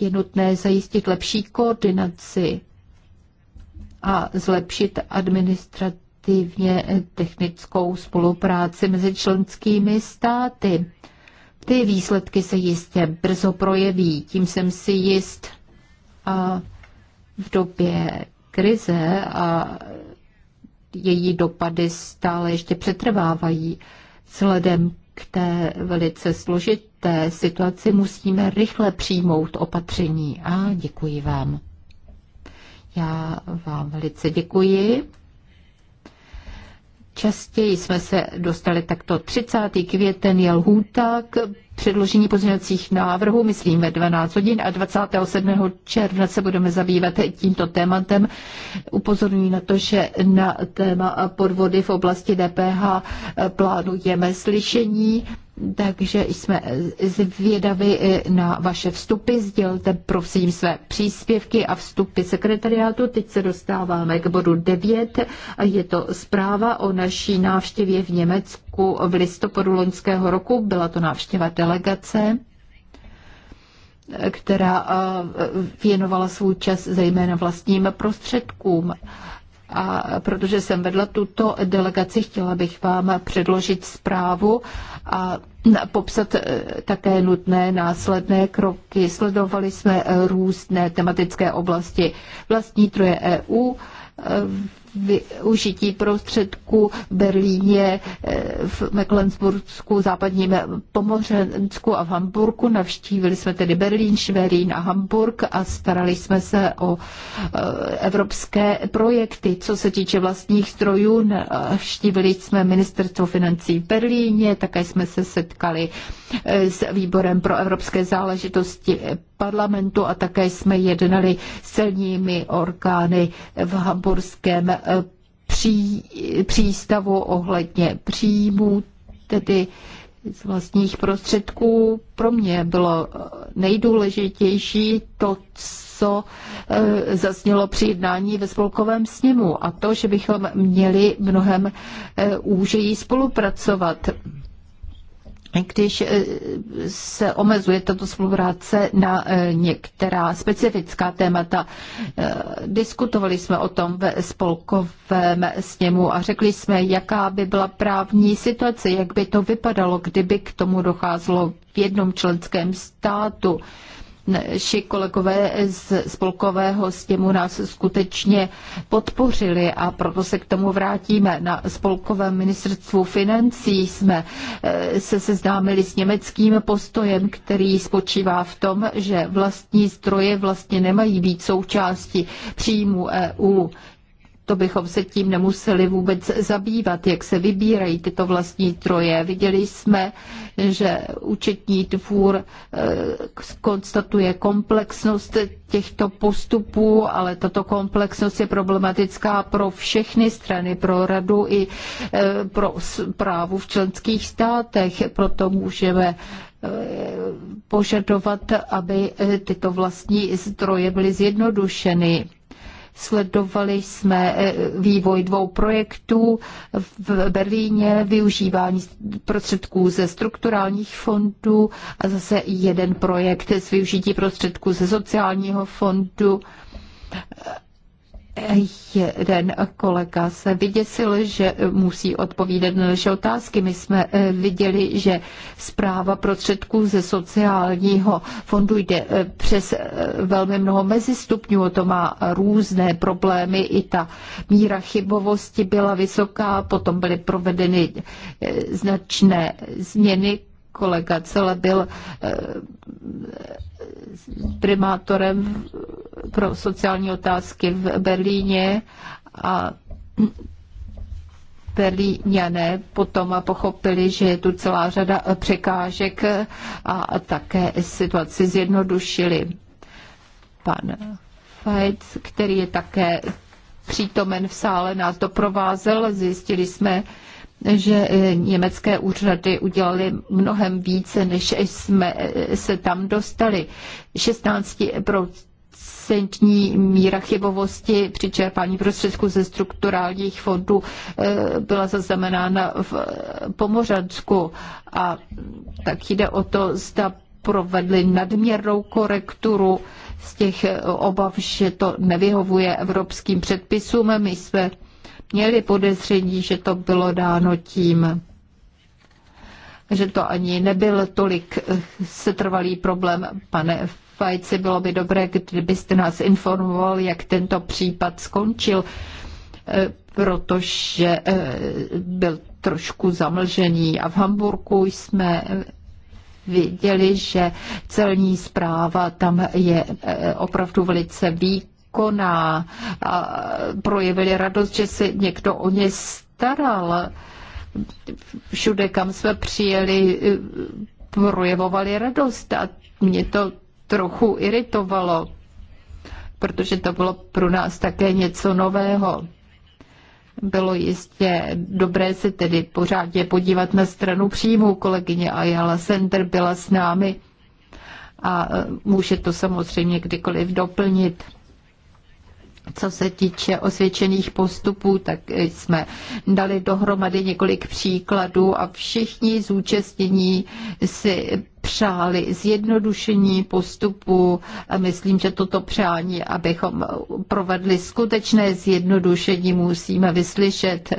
S2: je nutné zajistit lepší koordinaci a zlepšit administrativně technickou spolupráci mezi členskými státy. Ty výsledky se jistě brzo projeví, tím jsem si jist. A v době krize a její dopady stále ještě přetrvávají. Vzhledem k té velice složité situaci musíme rychle přijmout opatření a děkuji vám. Já vám velice děkuji. Častěji jsme se dostali takto 30. květen je lhůta k předložení pozměňovacích návrhů, myslím ve 12 hodin a 27. června se budeme zabývat tímto tématem. Upozorňuji na to, že na téma podvody v oblasti DPH plánujeme slyšení takže jsme eh, zvědavi eh, na vaše vstupy. Sdělte prosím své příspěvky a vstupy sekretariátu. Teď se dostáváme k bodu 9. Je to zpráva o naší návštěvě v Německu v listopadu loňského roku. Byla to návštěva delegace která eh, věnovala svůj čas zejména vlastním prostředkům. A protože jsem vedla tuto delegaci, chtěla bych vám předložit zprávu a popsat eh, také nutné následné kroky. Sledovali jsme různé tematické oblasti vlastní troje EU, eh, využití prostředků v Berlíně, eh, v Mecklenburgsku, západním Pomořensku a v Hamburgu. Navštívili jsme tedy Berlín, Šverín a Hamburg a starali jsme se o eh, evropské projekty. Co se týče vlastních strojů, navštívili jsme ministerstvo financí v Berlíně, také jsme se setkali eh, s výborem pro evropské záležitosti parlamentu a také jsme jednali s celními orgány v Hamburském pří, přístavu ohledně příjmů, tedy z vlastních prostředků. Pro mě bylo nejdůležitější to, co eh, zaznělo při jednání ve spolkovém sněmu a to, že bychom měli mnohem eh, úžeji spolupracovat když eh, se omezuje tato spolupráce na eh, některá specifická témata. Eh, diskutovali jsme o tom ve spolkovém sněmu a řekli jsme, jaká by byla právní situace, jak by to vypadalo, kdyby k tomu docházelo v jednom členském státu naši kolegové z spolkového stěmu nás skutečně podpořili a proto se k tomu vrátíme. Na spolkovém ministerstvu financí jsme eh, se seznámili s německým postojem, který spočívá v tom, že vlastní zdroje vlastně nemají být součástí příjmu EU to bychom se tím nemuseli vůbec zabývat, jak se vybírají tyto vlastní troje. Viděli jsme, že účetní dvůr eh, konstatuje komplexnost těchto postupů, ale tato komplexnost je problematická pro všechny strany, pro radu i eh, pro zprávu v členských státech. Proto můžeme eh, požadovat, aby tyto vlastní zdroje byly zjednodušeny Sledovali jsme eh, vývoj dvou projektů v Berlíně, využívání prostředků ze strukturálních fondů a zase jeden projekt s využití prostředků ze sociálního fondu Jeden kolega se vyděsil, že musí odpovídat na naše otázky. My jsme eh, viděli, že zpráva prostředků ze sociálního fondu jde eh, přes eh, velmi mnoho mezistupňů. To má různé problémy. I ta míra chybovosti byla vysoká, potom byly provedeny značné změny. Kolega Cele byl primátorem pro sociální otázky v Berlíně a Berlíňané potom pochopili, že je tu celá řada překážek a také situaci zjednodušili. Pan Fajc, který je také přítomen v sále, nás doprovázel. Zjistili jsme, že německé úřady udělali mnohem více, než jsme se tam dostali. 16 procentní míra chybovosti při čerpání prostředků ze strukturálních fondů eh, byla zaznamenána v eh, Pomořansku a tak jde o to, zda provedli nadměrnou korekturu z těch eh, obav, že to nevyhovuje evropským předpisům. My jsme měli podezření, že to bylo dáno tím, že to ani nebyl tolik setrvalý problém. Pane Fajci, bylo by dobré, kdybyste nás informoval, jak tento případ skončil, eh, protože eh, byl trošku zamlžený. A v Hamburku jsme viděli, že celní zpráva tam je eh, opravdu velice výkonná a projevili radost, že se někdo o ně staral. Všude, kam jsme přijeli, projevovali radost a mě to trochu iritovalo, protože to bylo pro nás také něco nového. Bylo jistě dobré se tedy pořádně podívat na stranu příjmu. Kolegyně Ayala Center byla s námi a e, může to samozřejmě kdykoliv doplnit. Co se týče osvědčených postupů, tak jsme dali dohromady několik příkladů a všichni zúčastnění si přáli zjednodušení postupu. Myslím, že toto přání, abychom provedli skutečné zjednodušení, musíme vyslyšet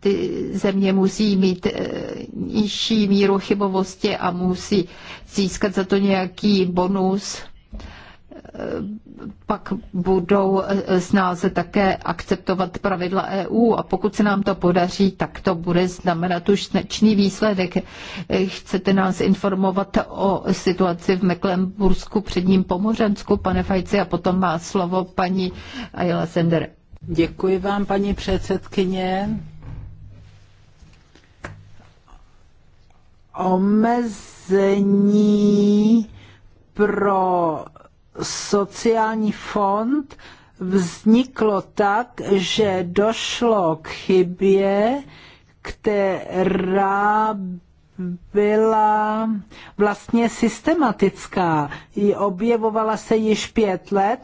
S2: ty země musí mít eh, nižší míru chybovosti a musí získat za to nějaký bonus pak budou eh, snáze také akceptovat pravidla EU a pokud se nám to podaří, tak to bude znamenat už značný výsledek. Eh, chcete nás informovat o situaci v Mecklenbursku předním Pomořensku, pane Fajci, a potom má slovo paní Ayla Sender.
S3: Děkuji vám, paní předsedkyně. Omezení pro sociální fond vzniklo tak, že došlo k chybě, která byla vlastně systematická. Objevovala se již pět let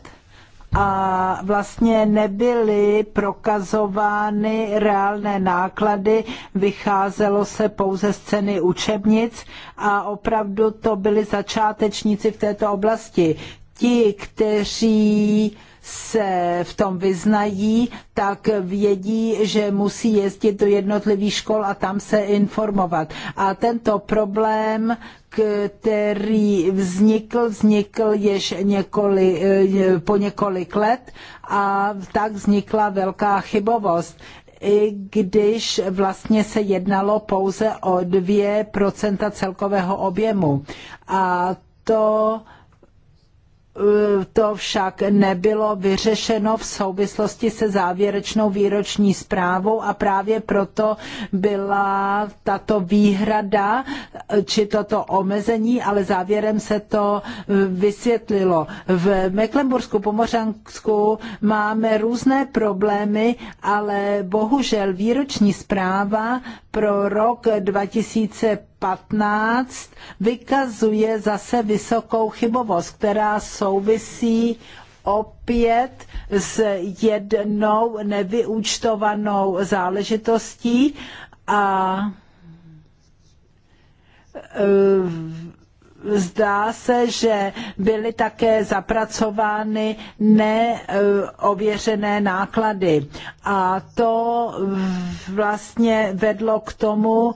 S3: a vlastně nebyly prokazovány reálné náklady, vycházelo se pouze z ceny učebnic a opravdu to byli začátečníci v této oblasti ti, kteří se v tom vyznají, tak vědí, že musí jezdit do jednotlivých škol a tam se informovat. A tento problém, který vznikl, vznikl již několi, po několik let a tak vznikla velká chybovost i když vlastně se jednalo pouze o 2% celkového objemu. A to Eh, to však nebylo vyřešeno v souvislosti se závěrečnou výroční zprávou a právě proto byla tato výhrada eh, či toto omezení, ale závěrem se to eh, vysvětlilo. V Mecklenburgsku Pomořansku máme různé problémy, ale bohužel výroční zpráva pro rok 2005 15 vykazuje zase vysokou chybovost, která souvisí opět s jednou nevyúčtovanou záležitostí a eh, zdá se, že byly také zapracovány neověřené náklady. A to vlastně vedlo k tomu,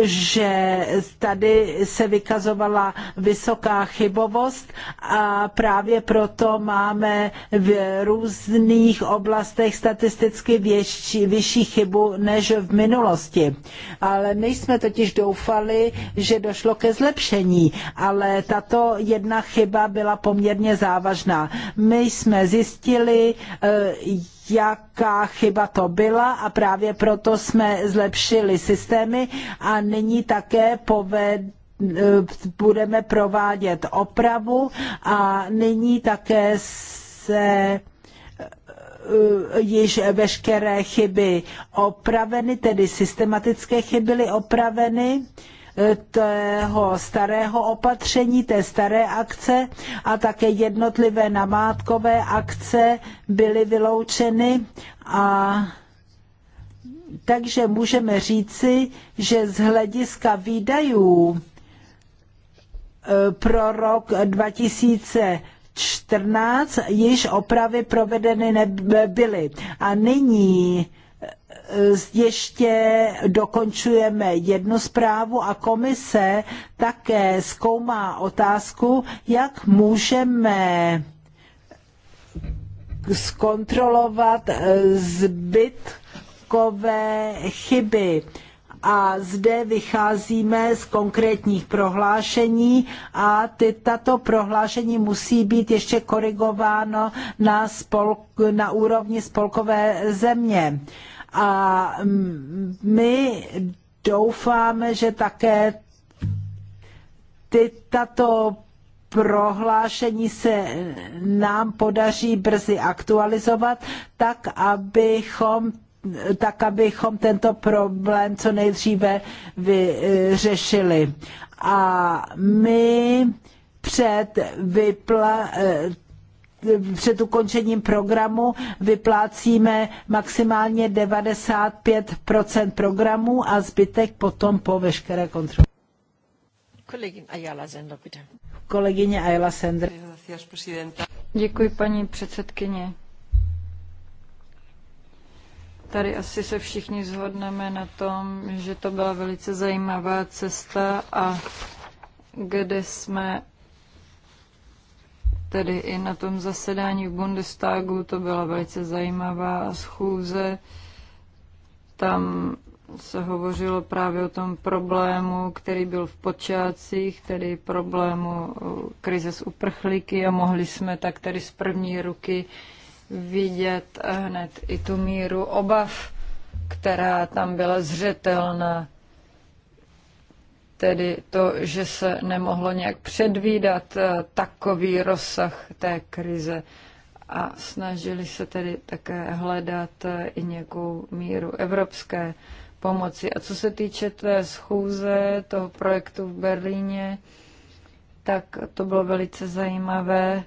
S3: že tady se vykazovala vysoká chybovost a právě proto máme v různých oblastech statisticky větší, vyšší chybu než v minulosti. Ale my jsme totiž doufali, že došlo ke zlepšení, ale tato jedna chyba byla poměrně závažná. My jsme zjistili, eh, jaká chyba to byla a právě proto jsme zlepšili systémy a nyní také eh, budeme provádět opravu a nyní také se eh, již veškeré chyby opraveny, tedy systematické chyby byly opraveny eh, toho starého opatření, té staré akce a také jednotlivé namátkové akce byly vyloučeny a takže můžeme říci, že z hlediska výdajů e, pro rok 2014 již opravy provedeny nebyly. A nyní e, ještě dokončujeme jednu zprávu a komise také zkoumá otázku, jak můžeme zkontrolovat e, zbyt takové chyby a zde vycházíme z konkrétních prohlášení a ty, tato prohlášení musí být ještě korigováno na, spolk, na úrovni spolkové země. A my doufáme, že také ty, tato prohlášení se nám podaří brzy aktualizovat, tak abychom tak abychom tento problém co nejdříve vyřešili. A my před vypla, před ukončením programu vyplácíme maximálně 95 programu a zbytek potom po veškeré kontrole.
S1: Kolegyně Ayala Sender, bitte.
S3: Kolegyně Ayala Sender. Děkuji, paní předsedkyně.
S1: Tady asi se všichni zhodneme na tom, že to byla velice zajímavá cesta a kde jsme tedy i na tom zasedání v Bundestagu, to byla velice zajímavá schůze. Tam se hovořilo právě o tom problému, který byl v počátcích, tedy problému eh, krize s uprchlíky a mohli jsme tak tedy z první ruky uh, vidět hned i tu míru obav, která tam byla zřetelná. Tedy to, že se nemohlo nějak předvídat eh, takový rozsah té krize a snažili se tedy také hledat eh, i nějakou míru evropské pomoci. A co se týče té schůze, toho projektu v Berlíně, tak to bylo velice zajímavé.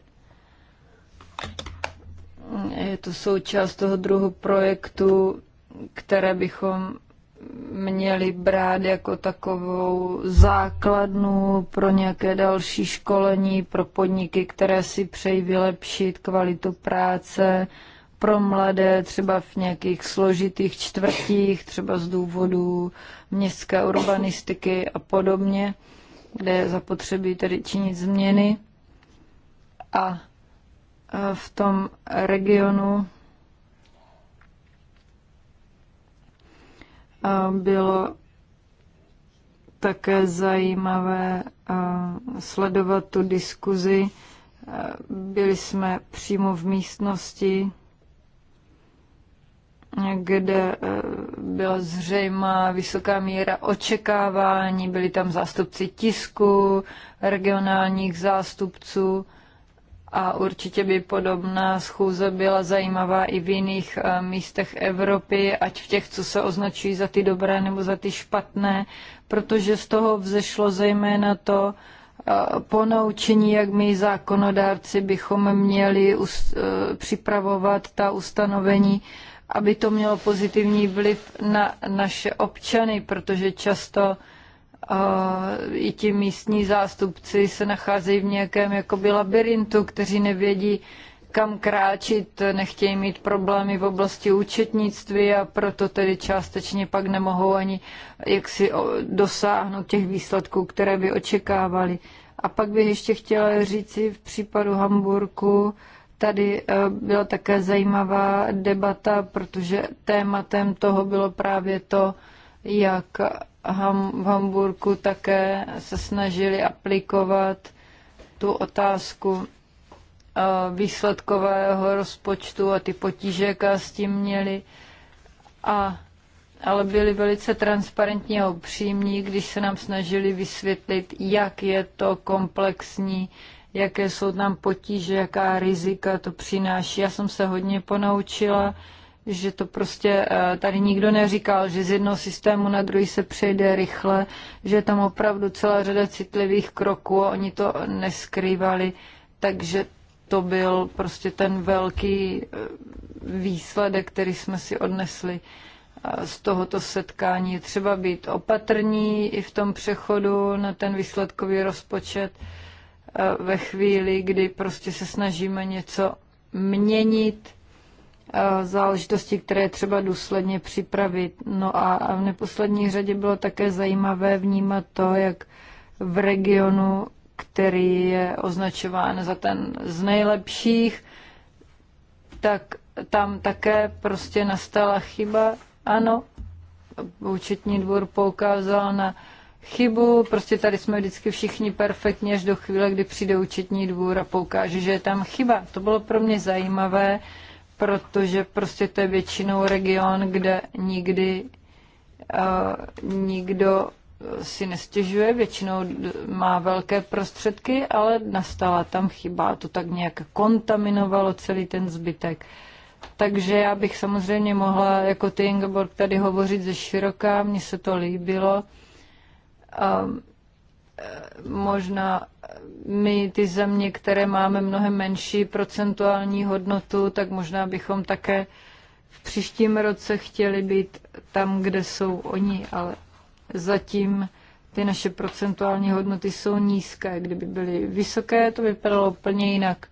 S1: Je to součást toho druhu projektu, které bychom měli brát jako takovou základnu pro nějaké další školení, pro podniky, které si přejí vylepšit kvalitu práce, pro mladé třeba v nějakých složitých čtvrtích, třeba z důvodu městské urbanistiky a podobně, kde je zapotřebí tedy činit změny. A v tom regionu eh, bylo také zajímavé eh, sledovat tu diskuzi. Eh, byli jsme přímo v místnosti, kde byla zřejmá vysoká míra očekávání. Byli tam zástupci tisku, regionálních zástupců a určitě by podobná schůze byla zajímavá i v jiných eh, místech Evropy, ať v těch, co se označují za ty dobré nebo za ty špatné, protože z toho vzešlo zejména to, eh, ponaučení, jak my zákonodárci bychom měli eh, připravovat ta ustanovení, aby to mělo pozitivní vliv na naše občany, protože často i ti místní zástupci se nacházejí v nějakém jakoby labirintu, kteří nevědí, kam kráčit, nechtějí mít problémy v oblasti účetnictví a proto tedy částečně pak nemohou ani jaksi dosáhnout těch výsledků, které by očekávali. A pak bych ještě chtěla říci v případu Hamburku, tady eh, byla také zajímavá debata, protože tématem toho bylo právě to, jak v Hamburku také se snažili aplikovat tu otázku eh, výsledkového rozpočtu a ty potíže, jaká s tím měli. A, ale byli velice transparentní a upřímní, když se nám snažili vysvětlit, jak je to komplexní, jaké jsou tam potíže, jaká rizika to přináší. Já jsem se hodně ponaučila že to prostě eh, tady nikdo neříkal, že z jednoho systému na druhý se přejde rychle, že je tam opravdu celá řada citlivých kroků, oni to neskrývali, takže to byl prostě ten velký eh, výsledek, který jsme si odnesli eh, z tohoto setkání. Je třeba být opatrní i v tom přechodu na ten výsledkový rozpočet ve chvíli, kdy prostě se snažíme něco měnit, Eh, záležitosti, které třeba důsledně připravit. No a v neposlední řadě bylo také zajímavé vnímat to, jak v regionu, který je označován za ten z nejlepších, tak tam také prostě nastala chyba. Ano, účetní dvůr poukázal na chybu, prostě tady jsme vždycky všichni perfektně až do chvíle, kdy přijde účetní dvůr a poukáže, že je tam chyba. To bylo pro mě zajímavé, protože prostě to je většinou region, kde nikdy uh, nikdo si nestěžuje, většinou má velké prostředky, ale nastala tam chyba to tak nějak kontaminovalo celý ten zbytek. Takže já bych samozřejmě mohla, jako ty Ingeborg, tady hovořit ze široká, mně se to líbilo. Um, možná my ty země, které máme mnohem menší procentuální hodnotu, tak možná bychom také v příštím roce chtěli být tam, kde jsou oni, ale zatím ty naše procentuální hodnoty jsou nízké. Kdyby byly vysoké, to vypadalo úplně jinak.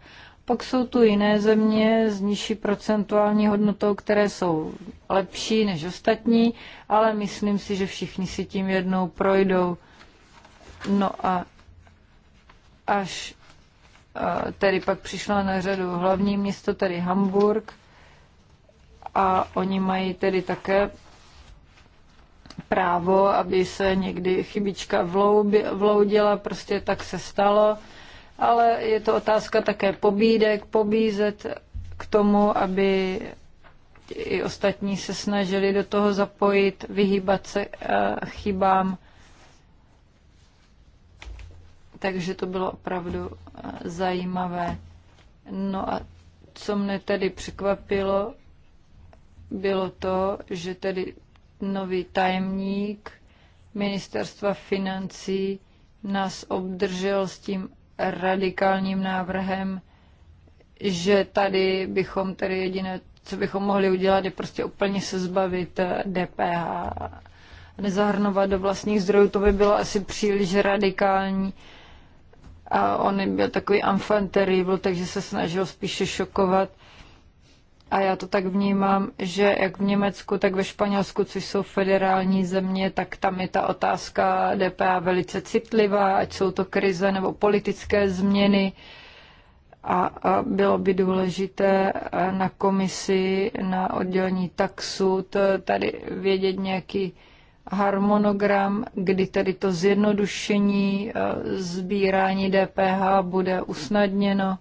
S1: Pak jsou tu jiné země s nižší procentuální hodnotou, které jsou lepší než ostatní, ale myslím si, že všichni si tím jednou projdou. No a až tedy pak přišla na řadu hlavní město, tedy Hamburg, a oni mají tedy také právo, aby se někdy chybička vloudila, prostě tak se stalo, ale je to otázka také pobídek, pobízet k tomu, aby i ostatní se snažili do toho zapojit, vyhýbat se chybám takže to bylo opravdu eh, zajímavé. No a co mne tedy překvapilo, bylo to, že tedy nový tajemník ministerstva financí nás obdržel s tím radikálním návrhem, že tady bychom tedy jediné, co bychom mohli udělat, je prostě úplně se zbavit DPH. Eh, nezahrnovat do vlastních zdrojů, to by bylo asi příliš radikální a on byl takový enfant terrible, takže se snažil spíše šokovat. A já to tak vnímám, že jak v Německu, tak ve Španělsku, což jsou federální země, tak tam je ta otázka DPA velice citlivá, ať jsou to krize nebo politické změny. A, a bylo by důležité eh, na komisi, na oddělení taxu, tady vědět nějaký harmonogram, kdy tedy to zjednodušení eh, sbírání DPH bude usnadněno,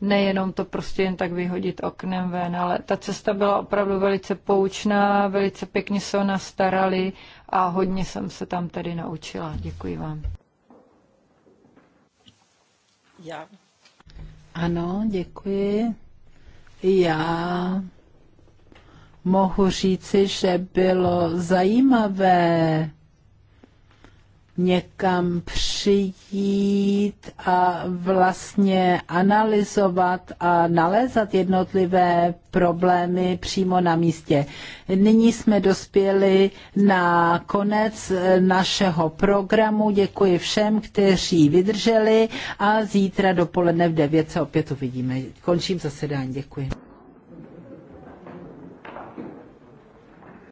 S1: nejenom to prostě jen tak vyhodit oknem ven, ale ta cesta byla opravdu velice poučná, velice pěkně se o nás starali a hodně jsem se tam tedy naučila. Děkuji vám. Já.
S3: Ano, děkuji. Já mohu říci, že bylo zajímavé někam přijít a vlastně analyzovat a nalézat jednotlivé problémy přímo na místě. Nyní jsme dospěli na konec našeho programu. Děkuji všem, kteří vydrželi a zítra dopoledne v 9 se opět uvidíme. Končím zasedání. Děkuji.